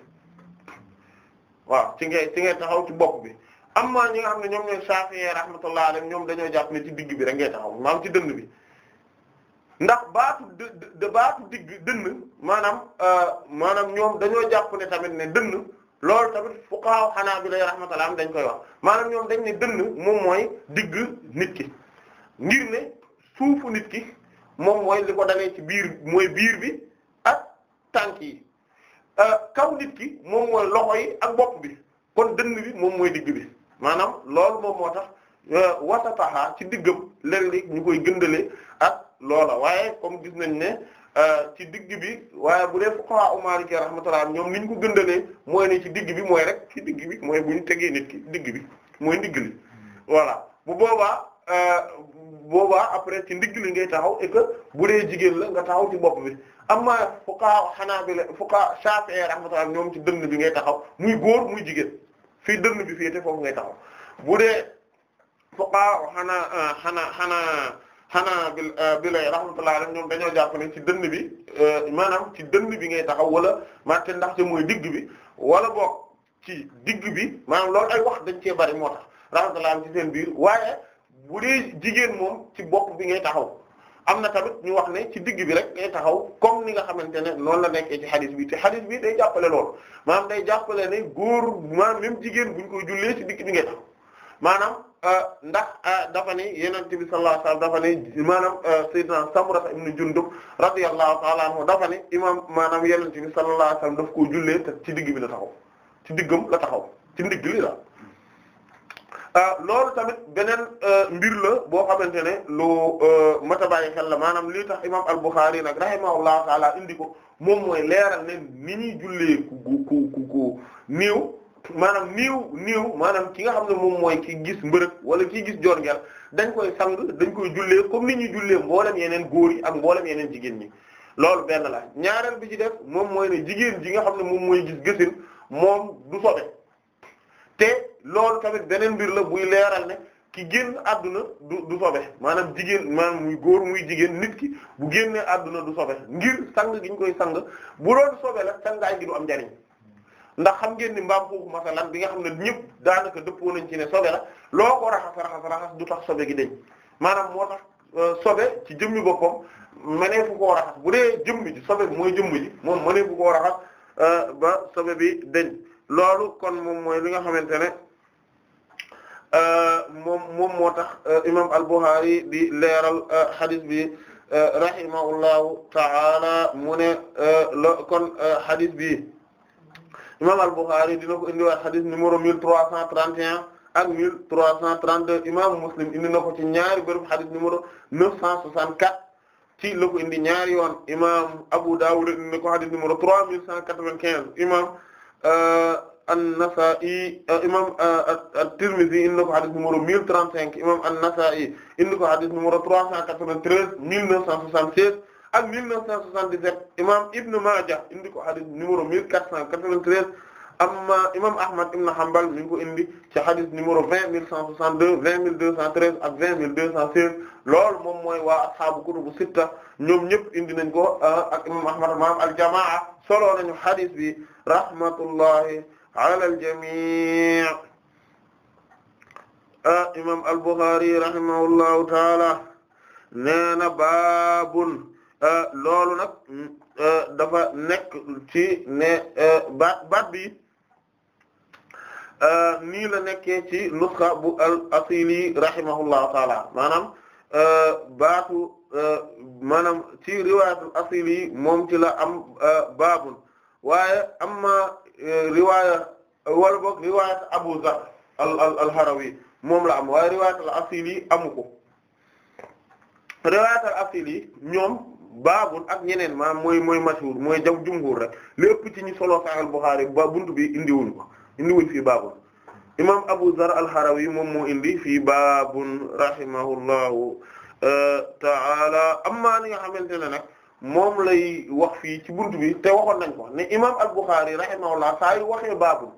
waaw ci ngay ci ngay taxaw ci bopp bi amma ñi nga xam ne ñoom ñooy Shafi'i rahmatullah alayhi ñoom dañoo jàpp ne ci digg bi rek ngay taxaw maam ci dënn bi ndax baatu de baatu digg dënn maanaam euh, maanaam ñoom dañoo jàpp ne tamit ne dënn loolu tamit fuqaha Hanabila am dañ koy wax maanaam ñoom dañ ne dënn moom mooy digg nit ki ngir ne suufu nit ki moom mooy li ko dalee ci biir mooy biir bi ak tànk yi euh, kaw nit ki moom mooy loxo yi ak bopp bi kon dënn bi moom mooy digg bi maanaam loolu moom moo tax euh, wasataha ci diggam léeg-léeg ñu koy gëndale ak loola waaye comme gis nañ ne euh, ci digg bi waaye bu dee fuqaha umaaliki rahmatullah ñoom ni ñu ko gëndalee mooy ci digg bi mooy rek ci digg bi mooy bu ñu tegee nit ki digg bi mooy ndigg li voilà bu boobaa euh, boobaa après ci ndigg li ngay taxaw et bu dee jigéen la nga taxaw ci bopp bi amma fuqaha hanabila fuqaha shafi'i rahmatullah ñoom ci dënn bi ngay taxaw muy góor muy jigéen fii dënn bi féete foofu ngay taxaw bu dee fuqaha xanaa xanaa xanaa xanaa bi bi lay ñoom dañoo jàpp ne ci dënn bi maanaam ci dënn bi ngay taxaw wala marte ndax te mooy digg bi wala boog ci digg bi maanaam loolu ay wax dañ cee bari moo tax rahmatullahi ci seen biir waaye bu dee jigéen moom ci bokk bi ngay taxaw am na tamit ñu wax ne ci digg bi rek day taxaw comme ni nga xamante ne noonu la nekkee ci xadis bi te xadis bi day jàppale loolu maanaam day jàppale ne góor maanaam même jigéen buñ koy jullee ci digg bi ngay taxaw maanaam euh, ndax euh, dafa ne yonent bi sallallahu alayhi wasallam dafa ne maanaam euh, sayyidina Samura ibn Jundub radiyallahu ta'ala anhu dafa ne imam maanaam yonent bi sallallahu alayhi wasallam daf koo jullee te ci digg bi la taxaw ci diggam la taxaw ci ndigg li la Ah, loolu tamit beneen euh, mbir la boo xamante ne lu euh, mat a xel la maanaam lii tax imaam al-Bukhari nag rahimahullahu taala indi ko moom mooy leeral ne ni ñuy jullee ku ku ku ku niiw maanaam niiw niiw maanaam ki nga xam ne moom mooy ki gis mbërëg wala ki gis jorngeel dañ koy sang dañ koy jullee comme ni ñuy jullee mboolem yeneen góor yi ak mboolem yeneen jigéen ñi loolu benn la ñaareel bi ci def moom mooy ne jigéen ji nga xam ne moom mooy gis gësin moom du sobe loolu tamit beneen mbir la buy leeral ne ki génn àdduna du du sobe maanaam jigéen maanaam muy góor muy jigéen nit ki bu génnee àdduna du sobe ngir sang gi ñu koy sang bu doon sobe la sangaay gi du am njariñ ndax xam ngeen ni mbaam foofu masalan bi nga xam ne ñëpp daanaka dëppoo nañ ci ne sobe la loo ko raxas raxas raxas du tax sobe gi deñ maanaam moo tax euh, sobe ci jëmmi boppam mëneefu koo raxas bu dee jëmm ji sobe bi mooy jëmm ji moom mëneefu koo raxas euh, ba sobe bi deñ kon moom mooy li nga xamante ne Euh, moom moom moo tax euh, imam al-Bukhari di leeral hadith euh, bi rahimahullahu ta'ala mu ne la kon hadith bi imam al di dina ko indiwaat hadith numéro 1331 ak 1332 imam Muslim indi na ko ci ñaari bérëb hadith numéro 964 ci la indi ñaari yoon imam Abu Dawud indi na ko hadith numéro 3195 imam an-Nasa'i euh, imam euh, at-Tirmidhi indi na ko xadis numéro 1035 imam an-Nasa'i indi ko xadis numéro 393 1976 ak 1977 imam Ibn Majah indi ko xadis numéro 1493 amma imam Ahmad ibn Hanbal mi ngi ko indi ci xadis numéro 20162 20213 ak 20216 loolu moom mooy waa ashaabu kutubu sitta ñoom ñëpp indi nañ ko euh, ak imam Ahmad maam al-jamaa solo nañu xadis bi rahmatullahi ala al-jamii ah, imam al-Bukhari rahimahullahu taala nee na baabun ah, loolu nag ah, dafa nekk ci ne baat baat bi nii la nekkee ci nusxa bu al-Asili rahimahullahu taala maanaam baatu maanaam ci riwaayatul Asili moom ci la am baabun waaye amma Eh, riwaaya wala boog riwaayat Abu Zar al al al-Harawi moom la am waaye riwaayat al-Asili amu ko riwaayat al-Asili ñoom. baabul ak ñeneen maanaam mooy mooy mashhur mooy jaw jumhur rek lépp ci ñu solo Sahih al ba buntu bi indiwul ko indiwuñ fii baabul imam Abu Zar al-Harawi moom moo indi fii baabun rahimahullahu eh, ta'ala amma ni nga xamante ne nag moom lay wax fii ci bunt bi te waxoon nañ ko ne imam al-Bukhari rahimahullah saa yu waxee baabul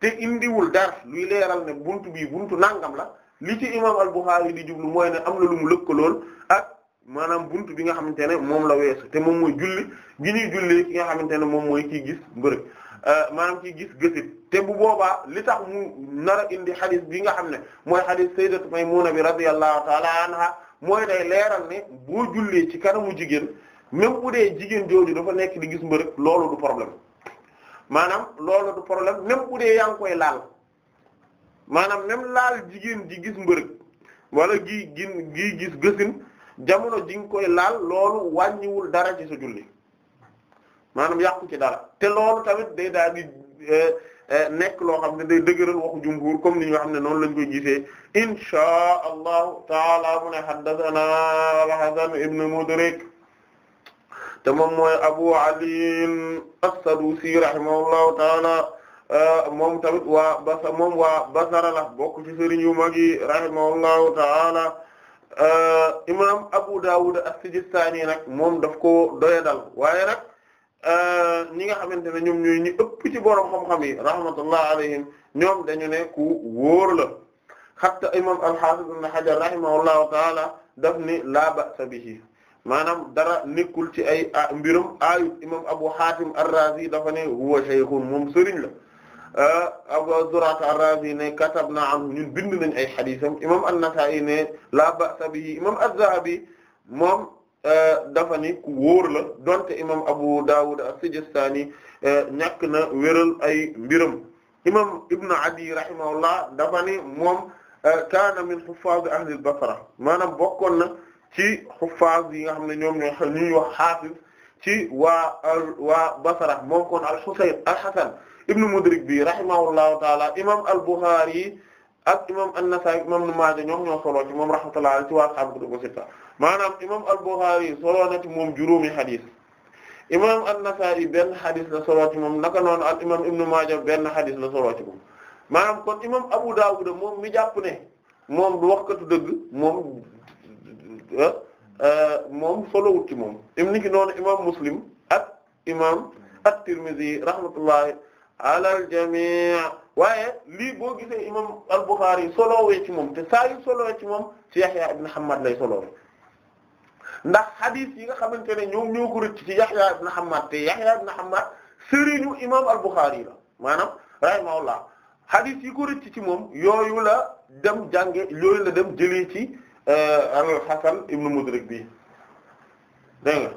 te indiwul dara luy leeral ne buntu bii buntu nangam la li ci imam al-Bukhari di jublu mooy ne am na lu mu lëkkalool ak maanaam bunt bi nga xamante ne moom la weesu te moom mooy julli gi ñuy jullee ki nga xamante ne moom mooy kii gis mbërëg euh, maanaam kii gis gësit te bu boobaa li tax mu nar indi xadis bi nga xam ne mooy xadis sayyidatu Maymuna bi radiyallahu ta'ala anha mooy day leeral ne boo jullee ci kanamu jigéen même bu dee jigéen jooju dafa nekk di gis mbërëg loolu du problème maanaam loolu du problème même bu dee yaa koy laal maanaam même laal jigéen ji gis mbërëg wala gi gi gi gis gësin jamono jing koy laal loolu wàññiwul dara ci sa julli maanaam yàqu ci daal te loolu tamit day daa gi euh, euh, nekk loo xam ne day dëgëral waxu jumhur comme ni ñu xam ne noonu lañ koy gisee insha allahu taala mu ne haddathana al ibn Mudrik te moom mooy Abu Ali as-Sadusi rahimahullahu taala moom tamit waa Basa moom la bokk ci sëriñ yu mag yi rahimahullahu taala imam Abu Dawud as-Sijistani nag moom daf ko doyadal waaye nag ni nga xamante ne ñoom ñooy ñu ëpp ci borom xam-xam yi alayhim ñoom dañu ne ku wóor la hatta imam al-Hafiz ibn taala daf ni la ba'sa bihi maanaam dara nekkul ci ay mbirum ayub imam Abu Hatim ar-Razi dafa ne huwa shaykhun moom sëriñ la Abu Zur'a ar-Razi ne katabna anhu ñun bind nañ ay xadiisam imam an-Nasa'i ne la ba'sa bihi imam az-Zahabi moom dafa ni ku wóor la donte imam Abu Dawud as-Sijistani ñàkk na wéral ay mbiram imam Ibn Adi rahimahullah dafa ni moom kaana min huffaz ahli al-Basra maanaam bokkoon na. ci xuffaaz yi nga xam ne ñoom ñoo xam ñuy wax xaafis ci waa waa Basra moom kon al-Husayn al-Hasan ibnu Mudrik bi rahimahullahu taala imam al-Bukhari yi ak imam an-Nasa'i imam Ibn Maaja ñoo ñoo solo ci moom rahmatullahi ci waa ashaabu kutubu sitta maanaam imam al-Bukhari solo na ci moom juróomi xadis imam an-Nasa'i benn xadis la solo ci moom naka noonu al imam Ibn Maaja benn xadis la solo ci moom maanaam kon imam Abu Dawud moom mi jàpp ne moom du waxkatu dëgg moom Ah, ah, moom solowut ci moom im ni ki noonu imam muslim ak imam at-Tirmidhi rahmatullahi ala al-jami' waaye lii boo gisee imam al-Bukhari solowee ci moom te saa yu ci moom ci Yahya ibn Hammad lay solowee ndax hadith yi nga xamante ne ñoom ñoo ko rëcc ci Yahya ibn Hammad te Yahya ibn Hammad sëriñu imam al-Bukhari la maanaam rahimahullah hadith yi ko rëcc ci moom yooyu la dem jànge yooyu la dem jëlee ci Euh, al-Hasan ibn Mudrik bi dégg nga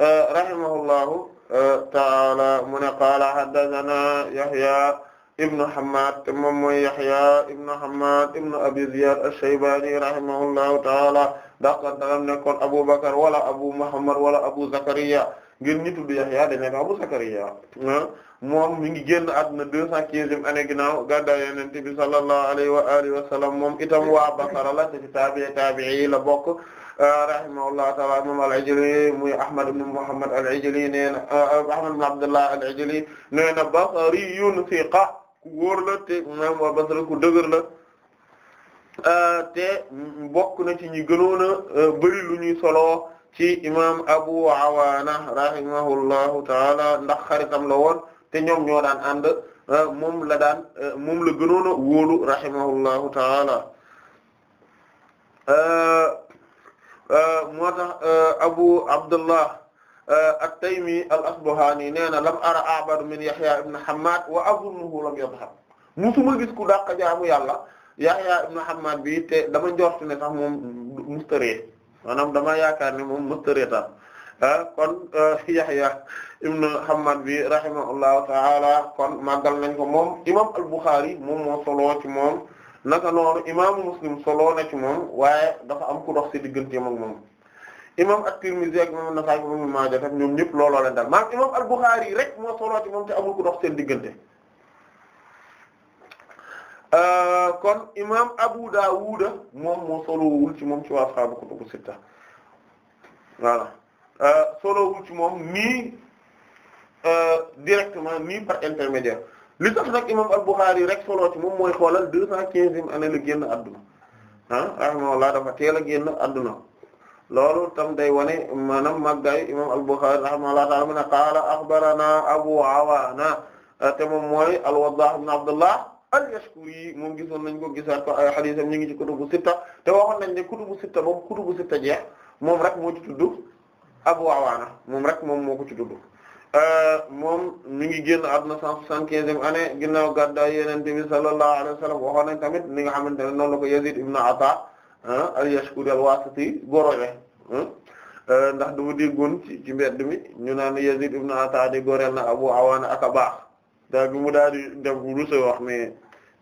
euh, rahimahullahu euh, taala mu ne qaala haddathana Yahya ibn Hammad te moom mooy Yahya ibn Hammad ibn Abi Ziyad ash-Shaybani rahimahullahu taala daqan dalam nekkoon Abu Bakr wala Abu Muhammad wala Abu Zakariya ngir ni tudd Yahya dañ Abu Zakariya ah, moom mi ngi génn àdduna deux cent quinzième année ginnaaw gàddaay Yonent bi sallallahu alayhi wa alihi wa moom itam waa Basra la ci taabi'i taabi'i la bokk ah, rahimahullahu ta'ala moom al-Ijli muy Ahmad ibn Muhammad al-Ijli nee na ah, Ahmad ibn al-Ijli nee na basriyun thiqa ku wóor la te moom waa Basra ku dëgër la te bokk na ci ñi gënoon a lu ñuy solo ci imam Abu Awaana rahimahullahu taala ndax xaritam la woon te ñoom ñoo daan euh, moom la daan euh, moom la gënoon a wóolu rahimahullahu taala euh, moo Abu Abdullah at-Taymi al-Asbahani nee lam ara a'bad min Yahya ibn gis ku dàq jaamu yàlla Yahya ibn Hammad bi te dama njort ne sax moom maanaam dama yaakaar ne moom mësta reetaan ah, kon ah, *laughs* Yahya ibn Hammad bi rahimahullahu ta'ala kon màggal nañ ko moom imam al-Bukhari moom moo soloo ci moom naka noonu imaamu Muslim soloo na moom waaye dafa am ku dox ci digganteem ak moom imam at-Tirmidhi ak imam an-Nasa'i ak imam Maaja ñoom ñëpp looloo leen dal maanaam imam al-Bukhari rek moo soloo ci moom te amul ku dox seen diggante Euh, kon imaam Abu Dawud moom moo solowul ci moom ci waa ashaabu kutubu sitta voilà euh, solowul ci moom nii euh, directement nii par intermédiaire li tax nag imaam al-Bukhari rek solo ci moom mooy xoolal deux cent quinzième année la génn adduna ah rahimahullah dafa teel a génn adduna loolu tam day wane maanaam màggaay imaam al-Bukhari rahimahullah ta'ala mu ne qaala akhbarana Abu Awaana te moom mooy al-Waddah ibn Abdullah al-Yashkuri moom gisoon nañ ko gisaat ko ay hadiisam ñu ngi ci kutubu sitta te waxoon nañ ne kutubu sitta boobu kutubu sitta jeex moom rek moo ci tudd Abu Awaana moom rek moom moo ko ci tudd euh, moom mi ngi génn àdduna 175e année ginnaaw gàddaay Yonent bi sallallahu alayhi wa sallam waxoon nañ tamit ni nga xamante ne noonu la ko Yazid ibn Ata euh, al-Yashkuri al-Wasiti gorole euh, ndax dama déggoon ci ci mbedd mi ñu naan Yazid ibn Ata di goreel na Abu Awaana ak a baax daal bi mu daal di def ruuse wax mais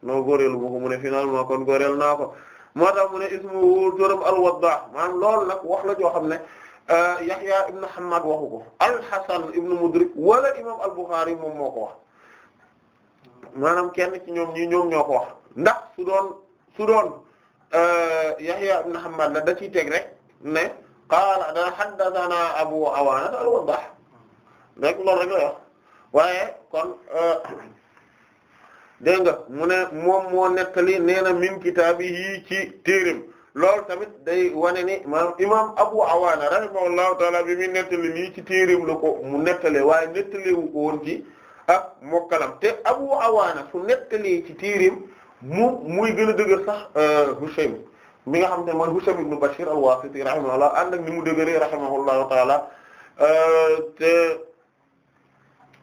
noo góoreelu ma ko mu ne finalement kon góoreel naa ko moo tax mu ne ismu turam al-Waddah maanaam loolu nag wax la joo xam ne eh, Yahya ibn Hammad waxu ko al-Hasan ibn Mudrik wala imam al-Bukhari moom moo ko wax maanaam kenn ci ñoom ñi ñoom ñoo ko wax ndax su doon su doon eh, Yahya ibn Hammad la da ciy teg rek ne qaala haddathana Abu Awaana al-Waddah rek loolu rek la waaye kon euh, dégg nga mu ne moom moo nettali nee na min kitaabi yii ci téerim lool tamit day wane ni maanaam imam Abu Awaana rahimahullahu taala bi muy nettali nii ci téerim la ko mu nettalee waaye nettalewu ko woon ci ak mokkalam te Abu Awaana su nettalee ci téerim mu muy gën a dëgër sax euh, Hushaym mi nga xam ne mooy Hushaym ibn Bashir al-Wasiti rahimahullah ànd ak ni mu dëgëree rahimahullahu taala euh, te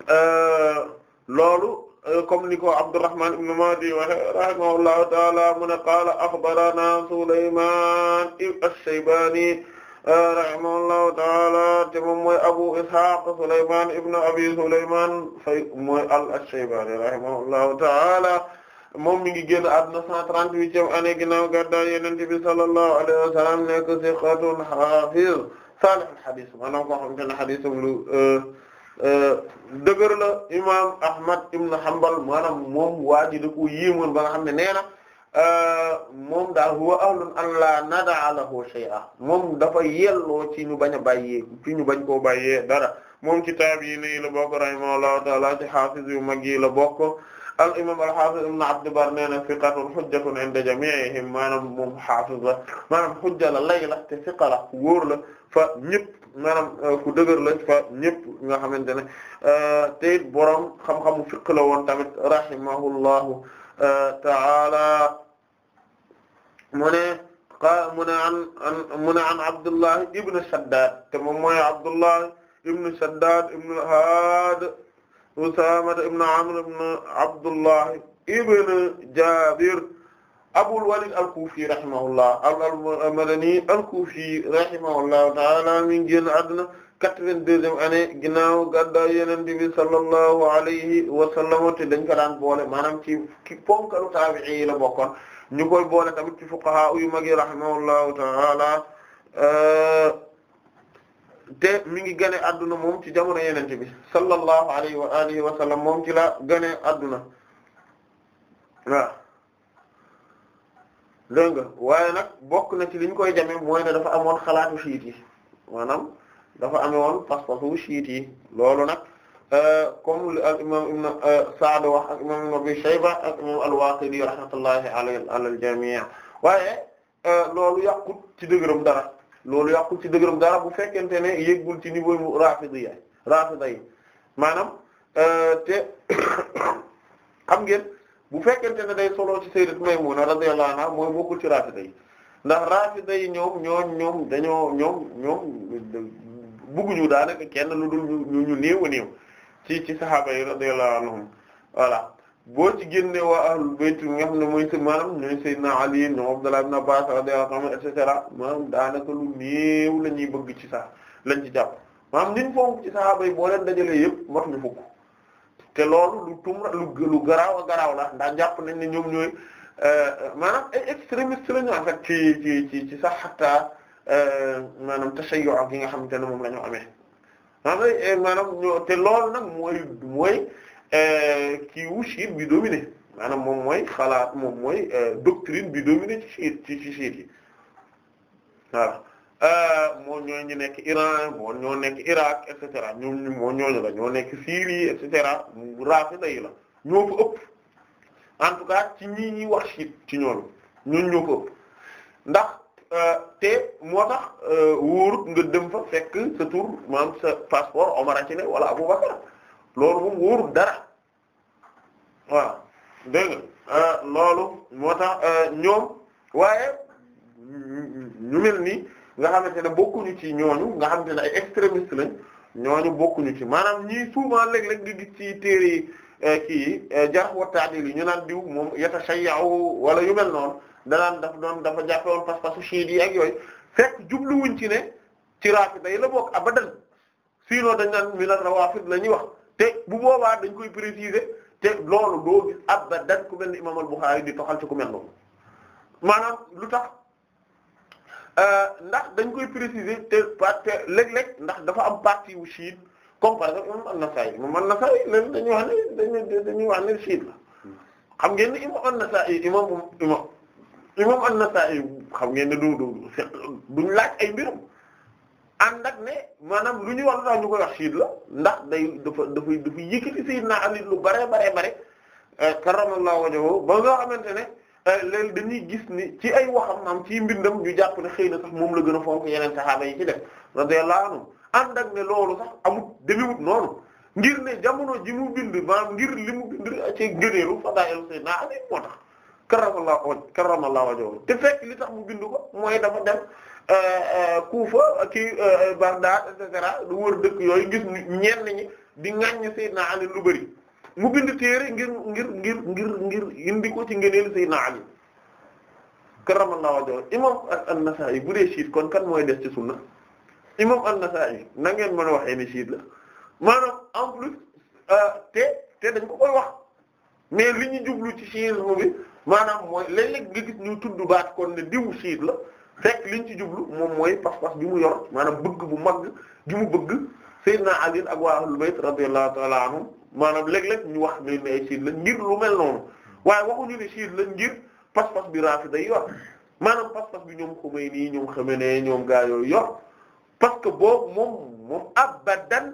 Euh, loolu euh, comme ni ko Abdurrahman ibn Mahdi waxe rahimahullahu taala mu ne qaala axbarana Sulaymaan ash-Shaybani euh, rahimahullahu taala te moom mooy Abu Ishaq Sulaymaan ibn Abi Sulaymaan fay mooy al-Shaybani rahimahullahu taala moom mi ngi génn àdduna 138e année ginnaaw gàddaay Yonent bi sallallahu alayhi wa sallam nekk siqatun haafiz saalihul hadiis maanaam koo xamante ne hadiisam lu Euh, dëgër la imam Ahmad ibn Hanbal maanaam moom waa ji da ko yéemoon ba nga xam ne nee na euh, moom daal huwa ahlun an la nada'a lahu shay'a moom dafa yelloo ci ñu bañ a bàyyee ci ñu bañ koo bàyyee dara moom ci taabi'iin yi la bokk rahimahullahu ta'ala ci xaafiz yu mag yi la bokk al imam al xaafiz ibn Abd Barr nee na thiqatun hujjatun inda jami'ihim maanaam moom xaafiz la maanaam hujja la lay la te thiqa la wóor la fa ñëpp maanaam euh, ku dëgër fa ñëpp nga xamante ne euh, te it boroom xam-xamu fiqh la woon tamit rahimahullahu euh, ta'ala mu ne mu ne an Abdullah ibn Shaddad te moom Abdullah ibn Shaddad ibn Haad Usaama ibn Amr ibn Abdullah ibn Jaabir Abul Walid al-Kufi rahimahullah al-Madani al-Kufi rahimahullahu ta'ala mi ngi génn àdduna quatre vingt ginnaaw gàddaay Yonent bi sallallahu alayhi wa sallam te dañ ko daan boole maanaam ci ci ponkalu taabi'i yi la bokkoon ñu koy boole tamit ci fuqaha yu mag yi rahimahullahu ta'ala euh, te mi ngi gane àdduna moom ci jamono Yonent bi sallallahu alayhi wa alihi wa sallam moom ci la gane àdduna dégg nga waaye nag bokk na ci li koy jame mooy na dafa amoon xalaatu chiite yi maanaam dafa amoon pas-pasu chiite yi loolu nag euh, comme al imam euh, wax ak imam ibn Shayba ak imam al-Waqidi rahmatullahi alayhi alal waaye euh, loolu yàqut ci dëgëram dara loolu yàqut ci dëgëram dara bu fekkente ne yëggul ci niveau mu rafidi rafida yi maanaam te *coughs* xam ngeen bu fekkente ne day solo ci sayyidat Maymuna radiyallahu anha mooy bokkul ci rafida yi ndax rafida yi ñoom ñoom ñoom dañoo ñoom ñoom bëgguñu daanaka kenn lu dul ñu ñu néew a ci ci sahaaba yi radiyallahu anhum voilà boo ci génne waa ahlul bayt mi nga xam ne mooy si maanaam ñooy Seydina Ali ñoom Abdullah ibn Abbas radiyallahu anhum et cetera maanaam daanaka lu néew la ñuy bëgg ci sax lañ ci jàpp maanaam niñ fonk ci sahaaba yi boo leen dajalee yëpp matuñu fukk te loolu lu tum lu lu garaaw a garaaw la ndax jàpp nañ ne ñoom ñooy euh, maanaam ay extrémistes la ñu en fait ci ci ci ci sax xataa euh, maanaam tashayyu ak yi nga xamante ne moom la ñu amee euh, maanaam maanaam te loolu nag mooy mooy kii wu chiite bi dominé maanaam moom mooy xalaat moom mooy doctrine bi dominé ci chiite ci ci chiite yi voilà Euh, moo ñooy ñu nekk Iran moo ñoo nekk Irak et cetera ñoom moo ñooñu la ñoo nekk Syrie et cetera rafida yi la ñoo fa ëpp en tout cas ci ñi ñi wax ci ci ñoom ñun ñoo fa ëpp ndax euh, te moo tax euh, wóorut nga dem fa fekk sa tur maanaam passeport Omar a ci ne wala Aboubacar loolu moom wóorut dara waaw dégg nga loolu moo tax ñoom waaye ñu mel nii. nga xamante ne bokkuñu ci ñooñu nga xam xamante ne ay extrémistes lañ ñooñu bokkuñu ci maanaam ñii souvent léeg-léeg nga gis ci téere yi eh, kii eh, jarh wa ta'dil yi ñu naan diw moom yatashayyu wala yu mel noonu danaan daf doon dafa jàppe woon pas-pasu chiites yi ak yooyu fekk jubluwuñ ci ne ci rafida yi la bokk abadan sinon dañ naan minal rawaafid la ñuy wax te bu boobaa dañ koy préciser te loolu doo gis abadan ku mel ni imam al-Bukhari di toxal ci ku mel noonu maanaam lu Euh, ndax dañ koy préciser te parce que léeg ndax dafa am partie wu chiite comme par exemple imam an-Nasa'i moom an-Nasa'i léegi dañuy wax ne dañuy wax ne xam ngeen ne imam an-Nasa'i imam imam imam an-Nasa'i xam ngeen ne du du duñ laaj ay mbirum ànd ak ne maanaam lu ñuy wax daal ñu koy wax chiite la ndax day dafa dafay dafa yëkkati Sayyidina Ali lu bare bare bare euh, karramallahu wajhahu ba nga xamante ne. Euh, léegi dañuy gis ni ci ay waxam maam ci mbindam ñu jàpp na xëy na sax moom la gën a fonk yeneen saxaaba yi ci def radiyallahu anhu ànd ak ne loolu sax amut demewut noonu ngir ne jamono ji mu bind maanaam ngir li mu bind ci ngëneelu fadaa'il sayyidina Ali moo tax karramallahu mu bind ko mooy dafa dem Kufa kii lu wër yooyu gis ñenn ñi di lu bari mu bind téere ngir ngir ngir ngir ngir indi ko ci ngëneel Seydina Ali karramallahu wajhahu imam an-Nasa'i bu dee siit kon kan mooy des ci sunna imam an-Nasa'i na ngeen mën a waxee ni siit la maanaam en plus euh, te te dañ ko koy wax mais li ñu jublu ci chiisme bi maanaam mooy léeg-léeg nga gis ñu tudd baat kon ne diwu siit la fekk liñ ci jublu moom mooy pas-pas bi mu yor maanaam bëgg bu mag bi mu bëgg Seydina Ali ak waa ahlul bayt radiyallahu ta'ala anhum maanaam léeg-léeg ñu wax ne ay chiite la ngir lu mel noonu waaye waxuñu ne chiite la ngir pas-pas bi rafida yi yor maanaam pas-pas bi ñoom Khomeini ñoom Khamenei ñoom gaa yooyu yor parce que boobu moom moom abadan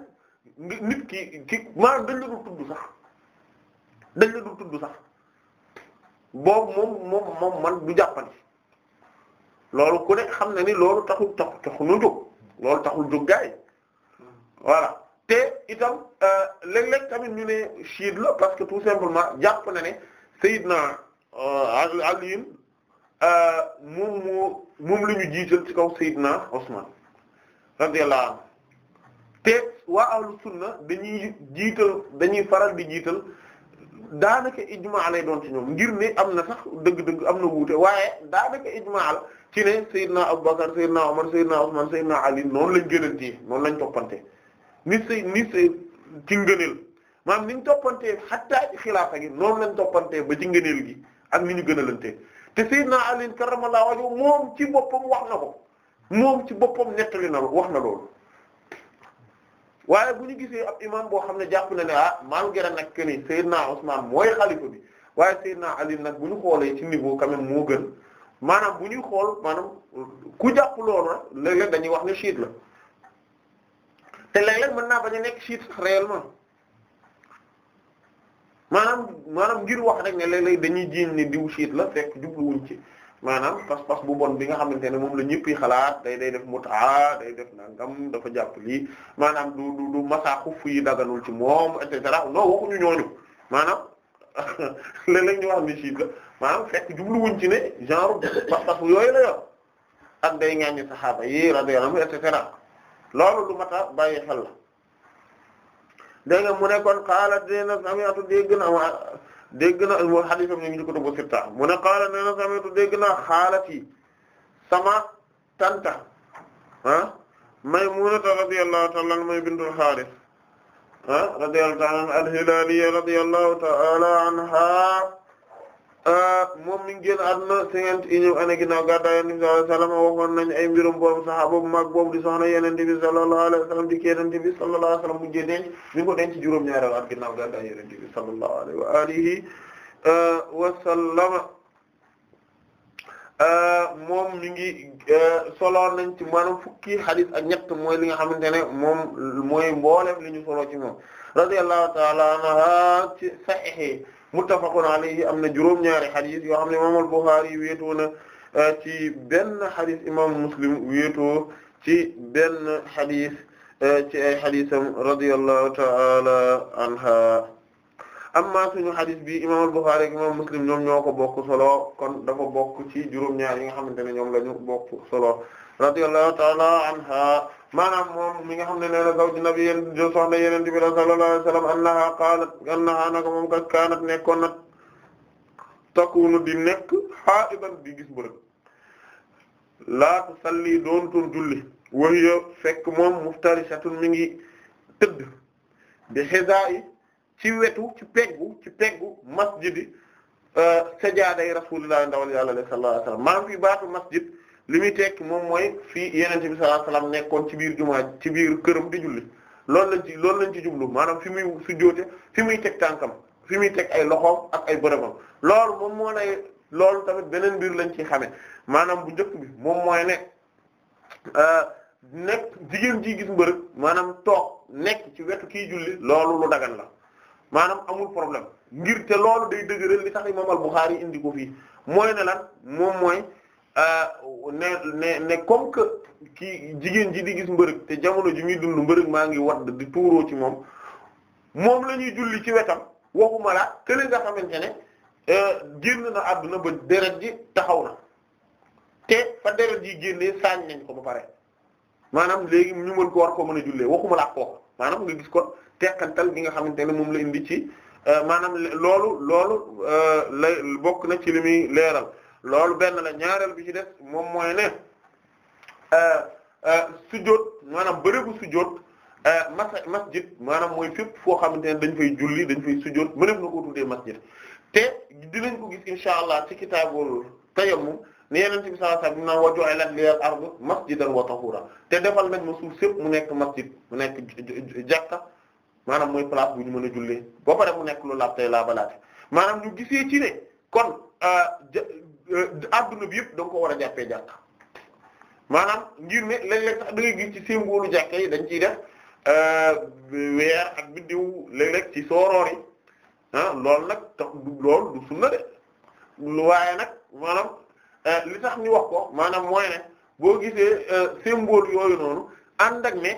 nit ki ci maanaam dul tudd sax dañ la dul tudd sax boobu moom moom man du jàppandi loolu ku ne xam na ni loolu taxul tax taxul nu jóg loolu taxul jóg gaa yi te itam euh, léeg-léeg tamit ñu ne chiite la parce que tout simplement jàpp na ne Seydina euh, Ali euh, moom moom la jiital ci kaw Seydina Usman radiyallahu anhu te waa ahlu sunna dañuy jiital dañuy faral di jiital daanaka ijmaa lay doon ci ñoom ngir ne am na sax dëgg-dëgg am na wuute waaye daanaka ijmaa la ci ne Seydina Abubakar Seydina Umar Seydina Usman Seydina Ali noonu lañ gënantee noonu lañ toppante ni si ni si ci ngëneel maanaam ni ñu toppantee xattaa ci xilaafa gi noonu lañ toppantee ba ci ngëneel gi ak ni ñu gënalante te Seydina Ali karramallahu wajhu moom ci boppam wax na ko moom ci boppam nettali na wax na loolu waaye bu ñu gisee ab imam boo xam ne jàpp na ne ah malgré nag que ni naa Ousmane mooy xalifa bi waaye naa Ali nag bu ñu xoolee ci niveau quand même moo gën maanaam bu ñuy xool maanaam ku jàpp loolu la léeg dañuy wax ne chiite la. te léeg-léeg mën naa bañ a nekk siit sax réellement maanaam maanaam ngir wax rek ne léeg-léeg dañuy jiiñ ne diw siit la fekk jubluwuñ ci maanaam pas-pas bu bon bi nga xamante ne moom la ñëpp xalaat day day def mutaa day def nangam dafa jàpp lii maanaam du du du masaaku fuy daganul ci moom et cetera non waxuñu ñooñu maanaam *laughs* léeg-léeg ñu wax ni siit la maanaam fekk jubluwuñ ci ne genre pas-pas yooyu la yor ak day ñaañu saxaaba yi radiyallahu et cetera. loolu lu mat a bàyyi xel la dégg nga mu ne kon qaala dina sami'tu dégg na ma dégg na mo haditham ñu ngi kutubu sitta mu ne qaala dina sami'tu dégg na xaalati sama tanta ah Maymunata radiyallahu ta'ala anha bintul Harith ah radiyallahu ta'ala al-Hilaliya radiyallahu ta'ala anha Euh, moom mi ngi génn àdduna cinquante et unième année ginnaaw gàddaay Yonent bi sallallahu alayhi wasallam waxoon nañ ay mbirum di soxna Yonent bi sallallahu alayhi wasallam di Yonent bi sallallahu alayhi wasallam wa alihi wa sallam euh, euh, solo nañ ci maanaam fukki xadis ak ñett mooy li nga xamante ne moom mooy mboolem li ñu solo ci moom radiyallahu ta'ala anha ci sahih muttafaqun alayhi am na juróom-ñaari xadis yoo xam ne imam al-Bukhari wéetoo na eh, ci ben xadis imam Muslim wéetoo ci benn xadis eh, ci ay xadisam radiyallahu ta'ala anha amma suñu xadis bi imam al-Bukhari ak imam Muslim ñoom ñoo ko bokk solo kon dafa bokk ci juróom-ñaar yi nga xamante ne ñoom la ñu bokk solo radiyallahu ta'ala anha maanaam moom mi nga xam ne nee na zawju nabi yéen jo soxna yeneen bi sallallahu alayhi wasallam annaha qaalat annaha nako moom kat kaanat nekkoon nag takunu di nekk haidan di gis mbërëg laa tusalli doontoon julli wa hiya fekk moom muftarishatun mi ngi tëdd bi xisaayi ci wetu ci peggu ci peggu masjidi euh, sajaaday rasulillahi ndawal yàlla sallallahu alayhi wasallam maa fi baatu masjid li muy tekki moom mooy fii yenente bi sallallahu alayhi nekkoon ci biir jumaa ci biir këram di julli loolu lañ ci loolu lañ ci jublu maanaam fi muy sujjóote fi muy teg tànkam fi muy teg ay loxoom ak ay bërëbam loolu moom moo lay loolu tamit beneen biir lañ ci xame maanaam bu njëkk bi moom mooy ne euh, nekk jigéen ji gis mbërëg maanaam toog nekk ci wetu kii julli loolu lu dagan la maanaam amul problème ngir te loolu day dëgëral li tax imam al Bukhari indi ko fii mooy ne moom mooy Euh, ne ne ne comme que kii jigéen ji di gis mbërëg te jamono ji muy dund mbërëg maa ngi wadd di tuuroo ci moom moom lañuy ñuy julli ci wetam waxuma la kële nga xamante ne euh, génn na àdduna ba deret ji taxaw na te fa deret ji génnee saañ nañ ko ba pare maanaam léegi ñu mën ko war ko mën a jullee waxuma la ak maanaam nga gis ko teqantal gi nga xamante ne moom la indi ci euh, maanaam loolu loolu lay bokk na ci li muy leeral loolu benn la ñaareel bi ci def moom mooy ne euh, euh, sujjóot maanaam bërëbu sujjóot euh, mas masjid maanaam mooy fépp foo xamante ne dañ fay julli dañ fay sujjóot mënef na ko tuddee masjid te dinañ ko gis insha allah ci kitaabul tayammum ne yeneen ci bi sallallahu alayhi wasallam wa ju'ilat lil ardu masjidan wa tahura te defal nañ ma suuf sépp mu nekk masjid mu nekk jàkka maanaam mooy place bu ñu mën a jullee ba pare mu nekk lu laab tey laabalaate maanaam ñu gisee ci ne kon Euh, adduna bi yëpp da nga ko war a jàppee jàkk maanaam ngir ne léeg-léeg sax da ngay gis ci symbole jàkk yi dañ ciy def euh, weer ak biddiw léeg-léeg ci sooroor yi ah loolu nag tax du sunna de lu waaye nag maanaam euh, li tax ni wax ko maanaam mooy ne boo gisee symbole yooyu noonu ànd ak ne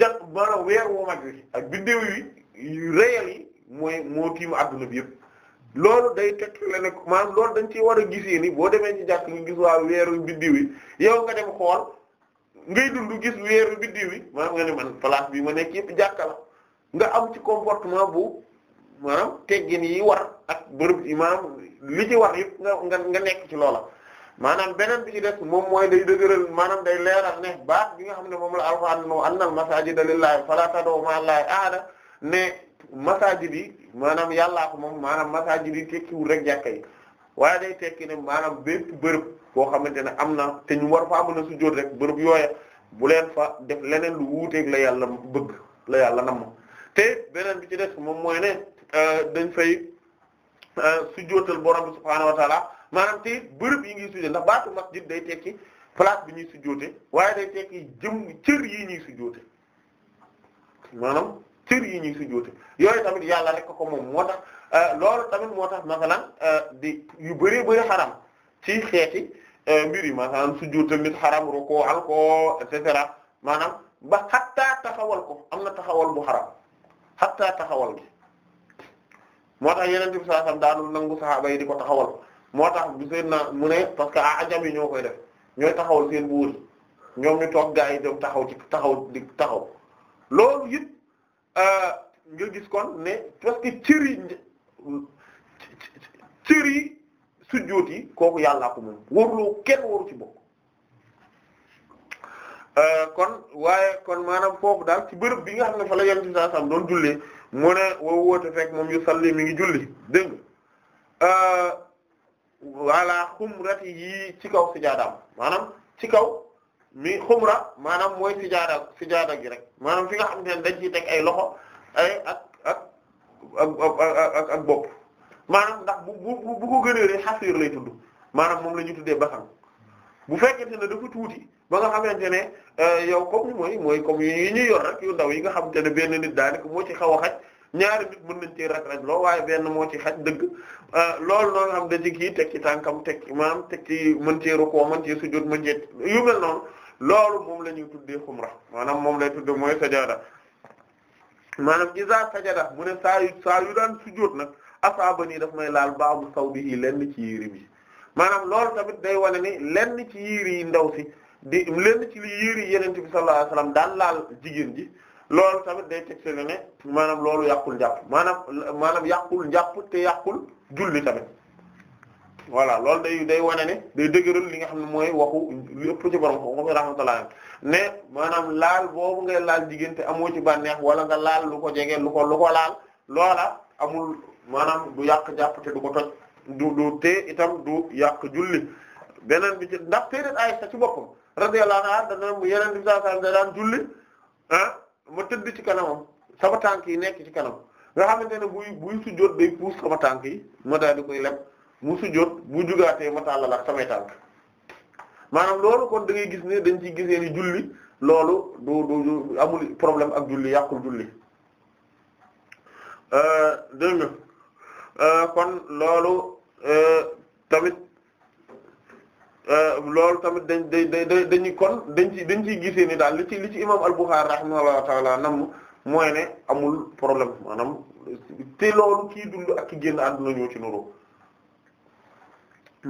jàkk maanaam weer woo mag wi ak biddiw yi réel yi mooy moo tiim adduna bi yëpp loolu day teg la ne maanaam loolu dañ ciy war a gisee ni boo demee ci jàkk nga gis waa weeru biddiw yi yow nga dem xool ngay dund gis weeru biddiw yi maanaam nga ne man place bi ma nekk yëpp jàkka nga am ci comportement bu teggin yi war ak bërëb yi maanaam li ci war yëpp nga nga nekk ci loola maanaam beneen bi ci des moom mooy day dëgëral maanaam day leeral ne baat bi nga xam ne moom la alxuraan no annal masaajida lillaahi falaa tad'uu ma'a llaahi ahadan ne masaajid bi maanaam yàllaa ko moom maanaam masaajid yi tekkiwul rek jàkka yi waaye day tekki ne maanaam bépp bërëb boo xamante ne am na te ñu war faa mën a sujjóot rek bërëb yooya bu leen fa def leneen lu wuuteeg la yàlla bëgg la yàlla nam te beneen bi ci def moom mooy ne euh, dañ fay euh, sujjóotal borom bi subhaanahu wa taala te bërëb yi ngi sujjóot ndax baatu masjid day tekki place bi ñuy sujjóote waaye day tekki jëm cër yi ñuy sujjóote maanaam cër yi ñuy sujjóote yooyu tamit yàlla rek ko moom moo tax euh, loolu tamit moo tax masalan euh, di yu bëree bari xaram ci xeeti euh, mbir yi masalan sujjóotal nit xaram ruku al ko et maanaam ba xattaa taxawal ko am na taxawal bu xaram xattaa taxawal gi moo tax yeneen bi sallallahu alayhi nangu saxaaba yi di ko taxawal moo tax bu seen na mu ne parce que a ajam yi ñoo koy def ñooy taxawal seen buur ñoom ñu toog gaa yi dem taxaw ci taxaw di taxaw loolu it Euh, nga gis kon ne parce que cëri cëri sujjóot yi kooku yàllaa ko moom waruloo kenn waru ci bokk euh, kon waaye kon maanaam foofu daal ci bërëb bi nga xam ne fa la yonent bi sallallahu alayhi wasallam doon jullee mu ne woo woote fekk moom yu salli mi ngi julli dégg nga voilà euh, xumrati yi ci kaw sujaadaam maanaam ci kaw mi xumra maanaam mooy sijaada sijaada gi rek maanaam fi nga xam ne dañ ciy teg ay loxo ay ak ak ak bopp maanaam ndax bu bu bu ko gënee rek xasiir lay tudd maanaam moom la ñu tuddee basan bu fekkente ne dafa tuuti ba nga xamante ne euh, yow comme mooy mooy comme yi ñuy yor rek yu ndaw yi nga xamante ne benn nit daanaka moo ci xaw a xaj ñaari nit mën nañ ci raj loo waaye benn moo ci xaj dëgg euh, loolu noonu xam da ci kii teg ci tànkam teg ci maanaam teg mën ci rukkoo mën ci sujjóot mën ci yu mel noonu loolu moom la ñuy tuddee xumra maanaam moom lay tuddee mooy sajada maanaam isa sajada mu ne saa yu saa yu daan sujjóot nag asaaba nii daf may laal baabu sawbihi lenn ci bi maanaam loolu tamit wane ni lenn ci yéri yi ndaw si di lenn ci li yéri yeneen bi sallallahu alayhi wasallam daan laal jigéen ji loolu tamit day teg ne ne maanaam loolu yàqul njàpp maanaam maanaam yàqul njàpp te yàqul julli tamit voilà loolu day day wane ne day dëgëral li nga xam ne mooy waxu li ëpp ci borom xam-xam rahmatullahi ne maanaam laal boobu ngay laal jigéen te amoo ci bànneex wala nga laal lu ko jege lu ko lu ko laal loola amul maanaam du yàq jàpp te du ko toj du du te itam du yàq julli beneen bi ci ndax téeréet Aysa ci boppam radiyallahu anha dana yeneen bi sallallahu alayhi wasallam julli ah ma tëdd ci kanam sama tànk yi nekk ci kanam nga xamante ne buy buy sujjóot day puus sama tànk yi ma daal di koy leb mu sujjóot bu jugaatee ma tàllal ak samay tànk maanaam loolu kon da gis ne dañ ciy gisee ni julli loolu du du amul problème ak julli yàqul julli euh, dégg nga euh, kon loolu euh, tamit loolu tamit dañ day day dañuy kon dañ ci dañ ciy gisee ni daal li ci li ci imam al-Bukhari rahimahullahu ta'ala nam mooy ne amul problème maanaam te loolu kii dund ak ki génn àdduna ñoo ci nuroo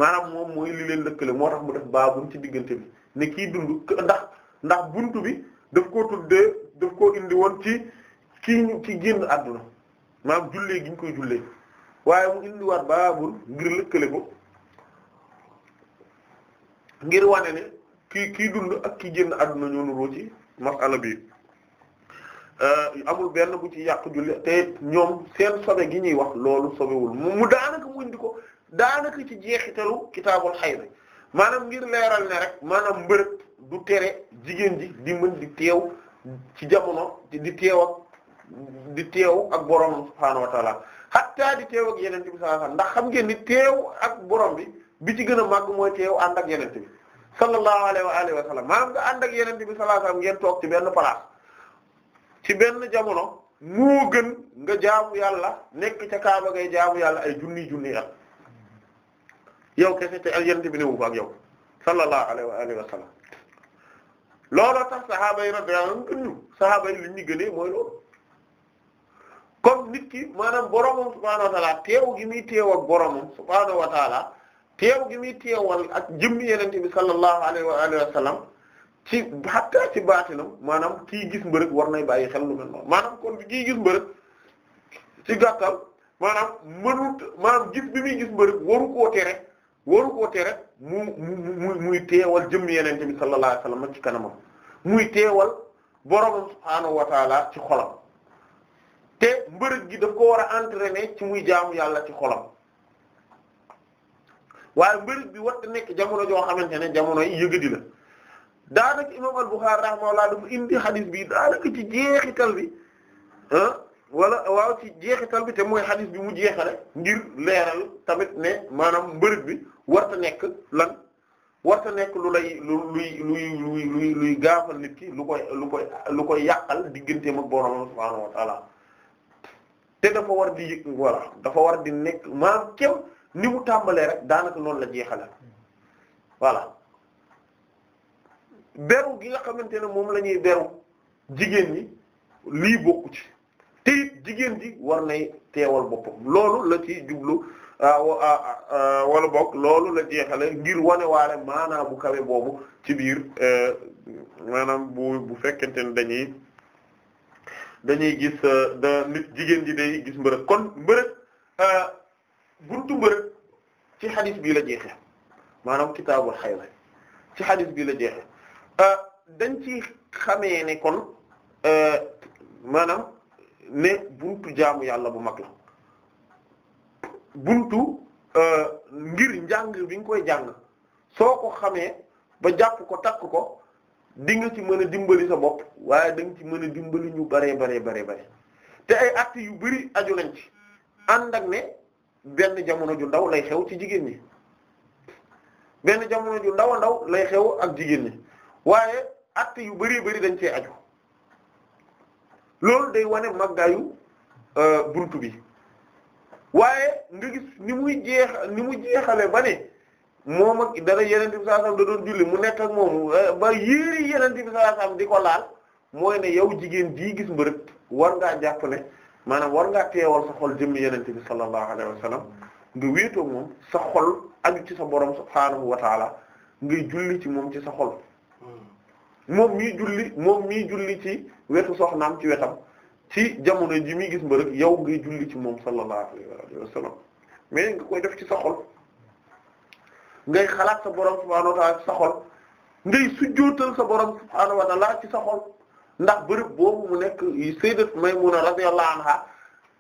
maanaam moom mooy li leen lëkkale moo tax mu def baabun ci diggante bi ne kii dund ndax ndax buntu bi daf koo tuddee daf koo indi woon ci kii ñu ci génn àdduna maanaam jullee gi ñu koy jullee waaye mu indiwaat baabul ngir lëkkale ko ngir wane ne kii kii dund ak ki génn àdduna ñoo nuroo ci masala euh, amul benn bu ci yàq julli te ñoom seen sobe gi ñuy wax loolu sobewul mu daanaka mu indi ko daanaka ci jeexitalu kitaabul xayda maanaam ngir leeral ne rek maanaam mbërëg du tere jigéen ji di mën di teew ci jamono di teew ak di teew ak borom subhaanahu wa taala xattaa di teew yeneen bi sallallahu alayhi ndax xam ngeen ni teew ak borom bi bi ci gën a màgg mooy teew ànd ak yeneen bi sallallahu alayhi wa maanaam nga ànd yeneen bi sallallahu alayhi ngeen toog ci benn place ci benn jamono moo gën nga jaamu yàlla nekk ca Kaaba ngay jaamu yàlla ay junni junni at yow kese te yonent bi newu ko ak yow sallallahu alayhi wa alihi wa sallam looloo tax saxaaba yi radiyallahu anhum gën ñu saxaaba yi li ñu gënee mooy loolu kon nit ki maanaam boromam wa taala teew gi muy teew ak boromam subhaanahu wa taala teew gi muy teewal ak jëmmi yonent bi wa alihi ci hatta ci baatinam maanaam ki gis mbërëg war nay bàyyi xel lu mel noonu maanaam kon kii gis mbërëg ci gàttal maanaam mënut maanaam gis bi gis mbërëg waru koo tere waru koo tere mu mu muy teewal jëmm yenente bi sallallahu alayhi ci kanamam muy teewal borom subhaanahu wa ci xolam te mbërëg gi daf ko war a entraîner ci muy jaamu yàlla ci xolam waaye mbërëg bi war nekk jamono joo xamante ne jamono yi yëgadi la daanaka imam al-Bukhari rahimahullah dafa indi hadith bi daanaka ci jeexital bi ah wala waaw ci jeexital bi te mooy xadis bi mu jeexale ngir leeral tamit ne maanaam mbërëg bi warta nekk lan warta nekk lu lay lu luy luy luy luy gaafal nit ki lu koy lu koy lu koy yàqal digganteem ak borom subhaanahu wa taala te dafa war di yëg voilà dafa war di nekk maanaam kéem ni mu tàmbalee rek daanaka noonu la jeexale voilà beru gi nga xamante ne moom lañuy ñuy beru jigéen ñi lii bokku ci te jigéen ji war nay teewal boppam loolu la ci jublu ah, ah, ah, wala bokk loolu la jeexale ngir wane waare maanaam bu kawe boobu ci biir eh, maanaam bu bu fekkente ne dañuy dañuy gis eh, da jigéen ji day gis mbërëg kon mbërëg eh, buntu mbërëg ci xadis bii la jeexe maanaam kitaabul xayla ci xadis bi la jeexe dañ ci xamee ne kon maanaam ne buntu jaamu yàlla bu mag la buntu euh, ngir njàng bi nga koy jàng soo ko xamee ba jàpp ko takk ko di nga ci mën a dimbali sa bopp waaye da ci mën a dimbali ñu baree baree baree bare te ay actes yu bari aju lañ ci ànd ak ne benn jamono ju ndaw lay xew ci jigéen ñi benn jamono ju ndaw ndaw lay xew ak jigéen ñi waaye actes yu bari bari dañ cee aju loolu day wane màggaayu euh, buntu bi waaye nga gis ni muy jeex ni mu jeexale ba ne moom ak dara yeneen bi sa alayhi wasallam da doon julli mu nekk ak moom euh, ba yéeri yeneen bi sallallahu alayhi wasallam di ko laal mooy ne yow jigéen jii gis mbërëg war ngaa jàpp ne maanaam war ngaa teewal sa xol jëmmi yeneen bi sallallahu alayhi wasallam nga wéetoo moom sa xol aju ci sa borom subhaanahu wa taala ngay julli ci moom ci sa xol hmm. moom mii julli moom mii julli ci wetu soxnaam ci wetam ci jamono ji muy gis mbërëg yow ngay julli ci moom sallallahu alayhi wa sallam mais nga koy def ci sa xol ngay xalaat sa borom subhaanahu wa ta'ala ci sa xol borom subhaanahu ci sa ndax bërëb boobu mu nekk sayyidat Maymuna radiyallahu anha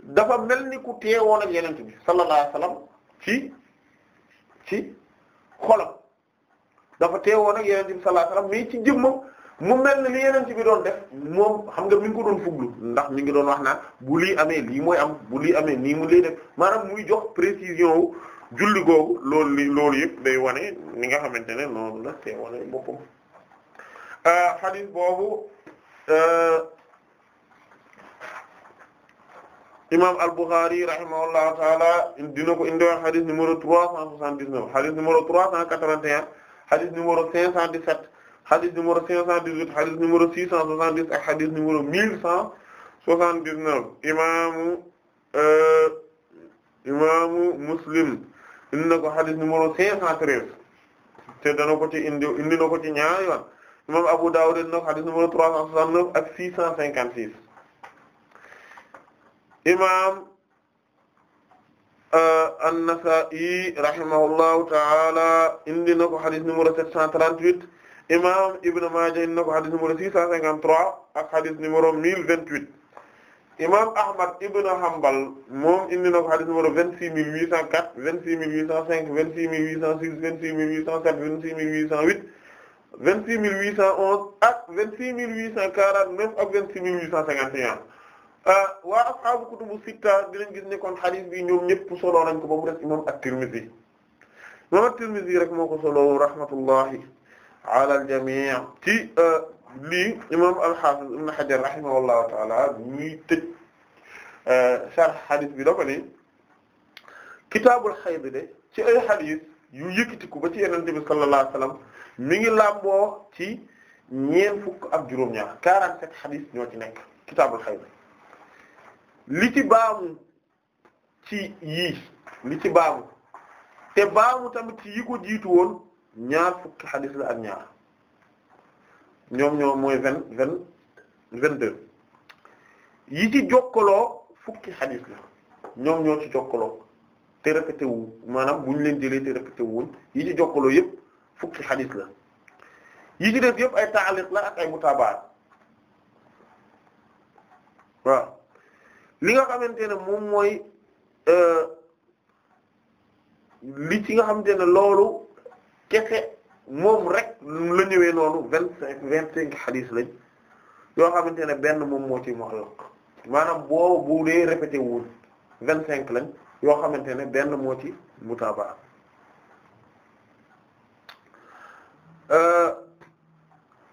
dafa mel ni ku teewoon ak yeneen bi sallallahu alayhi wa sallam ci ci xolam dafa teewoon ak yeneen bi sallallahu alayhi wa ci jëmmam mu mel ne li yeneen ci bi doon def moom xam nga mi ngi ko doon fuglu ndax mi ngi doon wax naan bu lii amee lii mooy am bu lii amee nii mu lay def maanaam muy jox précision wu julli googu loolu li loolu yëpp day wane ni nga xamante ne noonu la te wane boppam xadis euh, boobu euh, imam al-Bukhari rahimahullahu taala dina ko indiwaat xadis numéro trois cent soixante-dix-neuf xadis numéro trois cent quatre-vingt-un xadis numéro cinq cent dix-sept xadis numéro 518 xadis numéro 670 ak xadis numéro 1179 imaamu euh, imaamu Muslim indi na ko xadis numéro 513 te dana ko ci indi na ko ci ñaari imam Abu Dawud indi na ko xadis numéro 369 ak 656 imam An-Nasa'i rahimahullahu ta'ala indi na ko xadis numéro 738 imam Ibn Maaja indi na ko xadis numéro 653 ak xadis numéro 1028 imam Ahmad Ibn Hanbal moom indi na ko xadis numéro 26804 26805 26806 26807 26808 26811 ak 26849 ak 26851 euh, waa ashaabu kutubu sitta dinañ gis ne kon xadis bi ñoom ñëpp solo nañ ko ba mu def imam At-Tirmidhi imam At-Tirmidhi rek moo ko solo ala al-jamii ci euh, lii imaam al-Haafiz Ibn Hajar rahimahullahu ta'ala muy tëj euh, sharh hadith bi dafa ni kitaabul hayd de ci ay hadith yu yëkkatiku ba ci Yonent bi sallallahu alayhi wa sallam mi ngi làmboo ci ñeent fukk ak juróom-ñaar 47 hadith ñoo ci nekk kitaabul hayd li ci baamu ci yii li ci baamu te baamu tamit ci yi ko jiitu woon. ñaar fukki xadis la ak ñaar ñoom ñoom mooy vingt vingt vingt deux yi ci jokkaloo fukki xadis la ñoom ñoo ci jokkaloo te répété wu maanaam bu ñu leen jëlee te répété wuñ yi ci jokkaloo yëpp fukki xadis la yi ci def yëpp ay taaliq la ak ay mutaabaat waaw li nga xamante ne moom mooy euh, li ci nga xamante ne loolu. kese moom rek la ñëwee noonu vingt cinq vingt cinq xadiis lañ yoo xamante ne benn moom moo ci mu'allaq maanaam boo bu dee répété vingt cinq lañ yoo xamante ne benn moo ci mutaaba euh,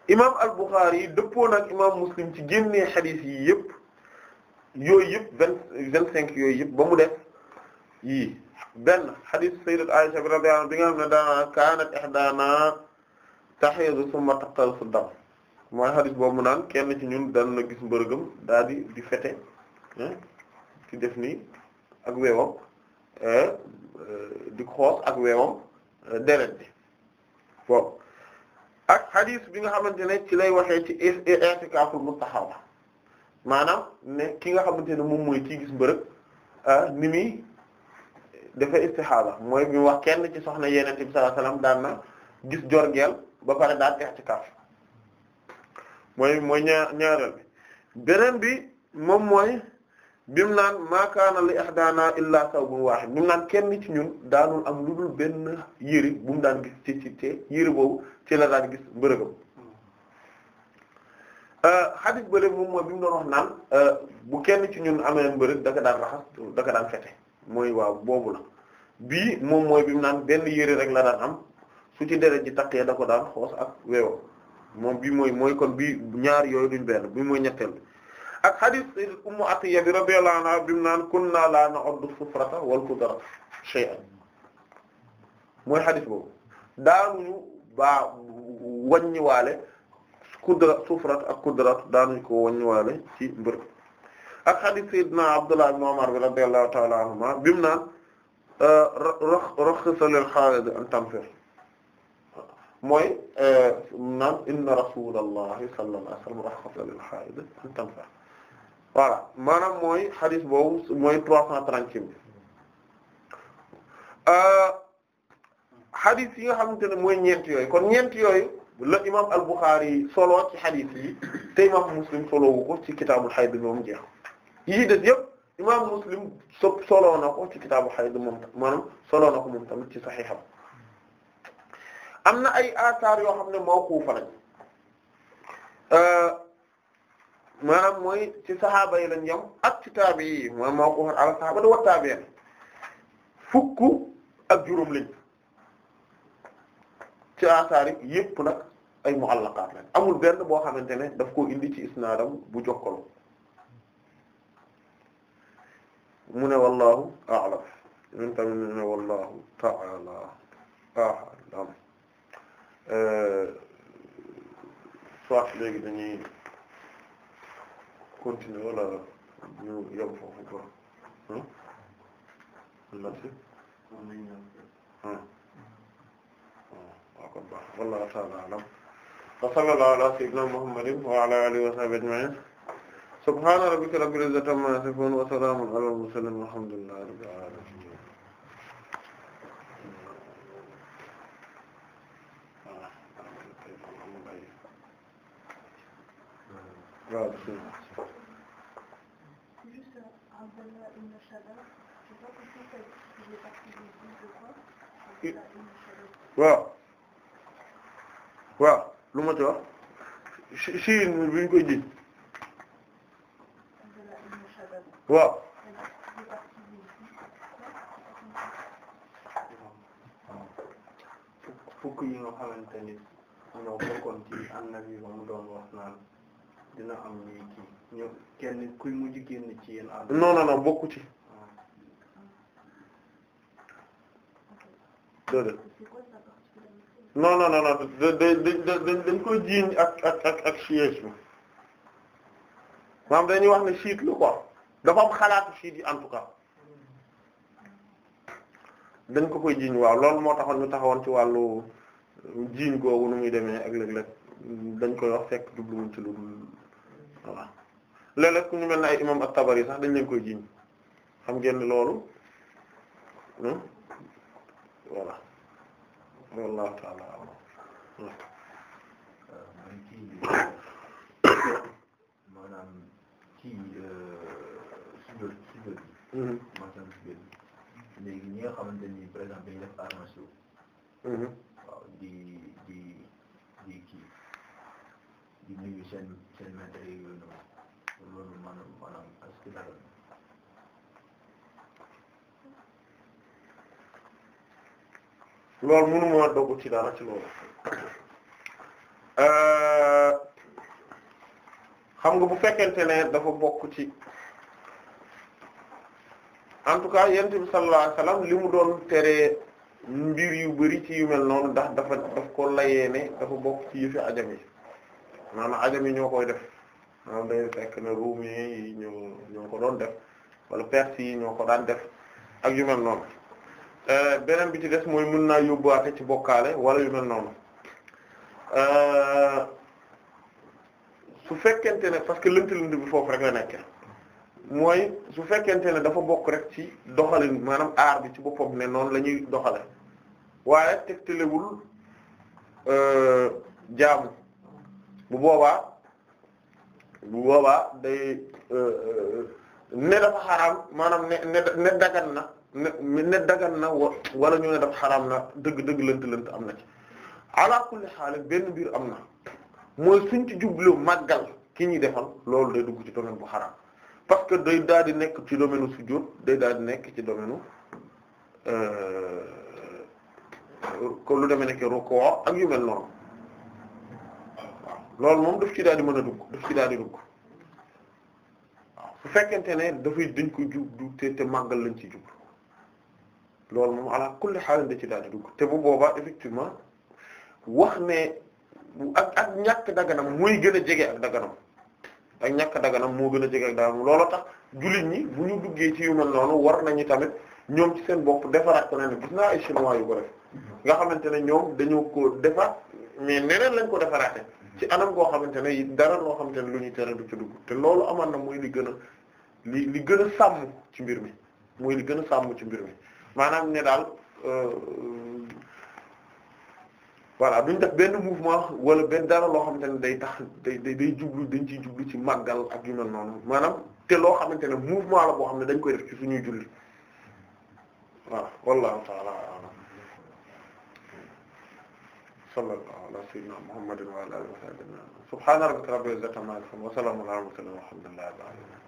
imam al-Bukhari yi dëppoo nag imam Muslim ci génnee xadiis yi yëpp yooyu yëpp vingt cinq yooyu yëpp ba mu def yii benn xadis sayyidat Aisha bi bi nga xam ne daana kaanat ihdaana tahiidu summa taqtalu dam mooy xadis boobu naan kenn ci ñun daan na gis mbërëgam daal di di fete ki def nii ak weewam eh, di xoos ak weewam eh, deret bi bon ak xadis bi nga xamante ne ci lay waxee ci i'tikaaful mustaxaba maanaam ne ki nga xamante ne moom mooy ci gis mbërëg eh, ni muy dafa istixaada mooy bi wax kenn ci soxna yeneen bi sallallahu alayhi wasallam daan na gis jorgeel ba pare daal di mooy mooy ñaar ñaareel bi beneen bi moom mooy bimu naan maa kaana li ihdaana illaa sawbun waahid bimu naan kenn ci ñun daanul am lu dul benn yëri bu mu daan gis ci ci ci yëri boobu ci la daan gis mbërëgam hadith euh, bële moom mooy bi mu doon wax naan euh, bu kenn ci ñun am amee mbërëg da ka daan raxas da ka daan fete mooy waaw boobu la bii moom mooy bi naan benn yére rek la daan am su ci deret ji taqee da ko daan xoos ak weewa moom bi mooy mooy kon bi ñaar yooyu duñ benn bii mooy ñetteel bi ak hadith ummu atiya bi radiyallahu anha bi mu naan kunna la na'uddu sufrata wal qudrata shay'an mooy hadith boobu daanuñu baa wàññiwaale kudra sufrat ak kudrat daanuñu ko wàññiwaale ci mbir ak hadith sayyidina Abdullah ibn Umar bi radiyallahu ta'ala anhuma bi mu naan euh, rakhkhasa lil an tanfir mooy euh, naan inna rasulallahi sallallahu alayhi wa sallam rakhkhasa lil haa'id an tanfir voilà maanaam mooy hadith boobu mooy trois cent trente hadith euh, yi nga xamante ne mooy ñeent yooyu kon ñeent yooyu la imam al-Bukhari solo ci hadith yi te imam Muslim solo wu ko ci kitaabul hayd bi moom jeex yii des yëpp imaam Muslim so na ko ci kitaabu xayd moom maanaam soloo na tamit ci saxiixam am na ay asaar yoo xam ne mawquufa lañ euh, maanaam mooy ci saxaaba yi lañ yem ak ci taabii yi mooy mawquufan ala saxaaba da wa taabi'in fukk ak juróom lañ ci asaar yi yëpp nag ay mu'allaqaat lañ amul benn boo xamante ne daf koo indi ci isnaadam bu jokkaloo mu ne wallahu a'lam ñun tamit mu ne wallahu ta'ala a'lam euh, soit léegi dañuy continuer wala ñu yem foofu quoi merci hmm? hmm. hmm, waaw kon baax wallahu ta'ala a'lam wa sallallahu ala sayyidina muhammadin wa ala alihi wa sahbihi ajma'in subhaana rabbika rabbil izzati amma yasifuun wa salaamun alal mursaliin walhamdulillahi rabbil aalamiin waaw bismillah juste avant une shahada je crois que c'est parti du je crois waaw waaw lu ma ci wax si bi ñu koy ji waaw fukk yi nga xamante ni ñoo bokkoon na annabi ba mu doon wax naan dina am ñuy kii ñoo kenn kuy mujj génn ci yéen àdduna non non ak ak ak ak chiisme maanaam dañuy wax ne chiite lu dafa xalaat xalaatu chiites yi dañ ko koy jiiñ waaw lool moo taxoon ñu taxawoon ci wàllu euh, jiiñ googu nu muy demee ak léeg-léeg dañ koy wax fekk jubluwuñ ci lu voilà léeg-léeg ku ñu mel ne ay imam at-Tabari sax dañ leen koy jiiñ xam ngeen ne loolu hmm? voilà wallahu ta'ala Mhm. maanaam léegi ñi nga xamante ni par exemple dañuy def arrangé wu. Mhm. waaw di di di kii di nuyu seen seen maître yooyu noonu loolu maanaam maanaam est-ce que dara. loolu mënu ma dogg ci dara ci loolu euh, xam nga bu fekkente ne dafa bokk ci. en tout cas yonent bi sallallahu alayhi wasallam li mu doon teree mbir yu bëri ci yu mel noonu ndax dafa daf ko layee ne dafa bokk ci yëfi ajam yi maanaam ajam yi ñoo koy def maanaam day fekk na Romains yi ñoo ko doon def wala Perses yi ñoo ko daan def ak yu mel noonu euh, beneen bi ci des mooy mën naa yóbbuwaate ci bokkaale wala yu noonu euh, su fekkente ne parce que lënt-lënt bi foofu rek la nekk mooy su fekkente ne dafa bokk rek ci doxalin maanaam aar bi ci boppam ne noonu la ñuy doxale waaye tegtalewul euh, jaamu bu boobaa bu boobaa day euh, euh, ne dafa xaraam maanaam ne ne na ne ne dagan na wala ñu ne dafa xaraam na dëgg dëgg lënt lënt am na ci ala kulli xaal benn biir am na mooy suñ ci jublu màggal ki ñuy defal loolu day dugg ci domaine bu xaraam parce que day daal di nekk ci domaine sujud day daal di nekk ci domaine ko euh, lu demee nekk ruku ak yu mel noonu loolu moom daf ci daal di mën a dugg daf ci daal di dugg su fekkente ne dafay dañ ko jub te te màggal lañ ci jub loolu moom ala kulli xaalis da ci daal di dugg te bu boobaa effectivement wax ne ak ak ñàkk daganam muy gën a jege ak daganam ak ñàkk daganam moo gën a jege ak daal looloo tax jullit ñi bu ñu duggee ci yu mel noonu war nañu tamit ñoom ci seen bopp defaraat ko ne gis naa ay chinois yu ko def nga xamante ne ñoom dañoo ko defar mais neneen lañ ko defaraate ci anam goo xamante ne dara loo xamante ne lu ñuy tere du ci dugg te loolu amaan na mooy li gën a li li gën sàmm ci mbir mi mooy li gën a sàmm ci mbir mi maanaam ne daal euh, voilà duñ def benn mouvement wala benn dara loo xamante ne day tax day day jublu dañ ciy jublu ci màggal ak yu noonu maanaam te loo xamante ne mouvement la boo xam ne dañ koy def ci suñuy julli voilà wallahu ta'ala a'lam sallallahu ala sayyidina muhammadin wa ala alihi wa sahbihi subhana rabbika rabbil izzati amma yasifun wa salamun ala al mursalin walhamdulillahi rabbil alamin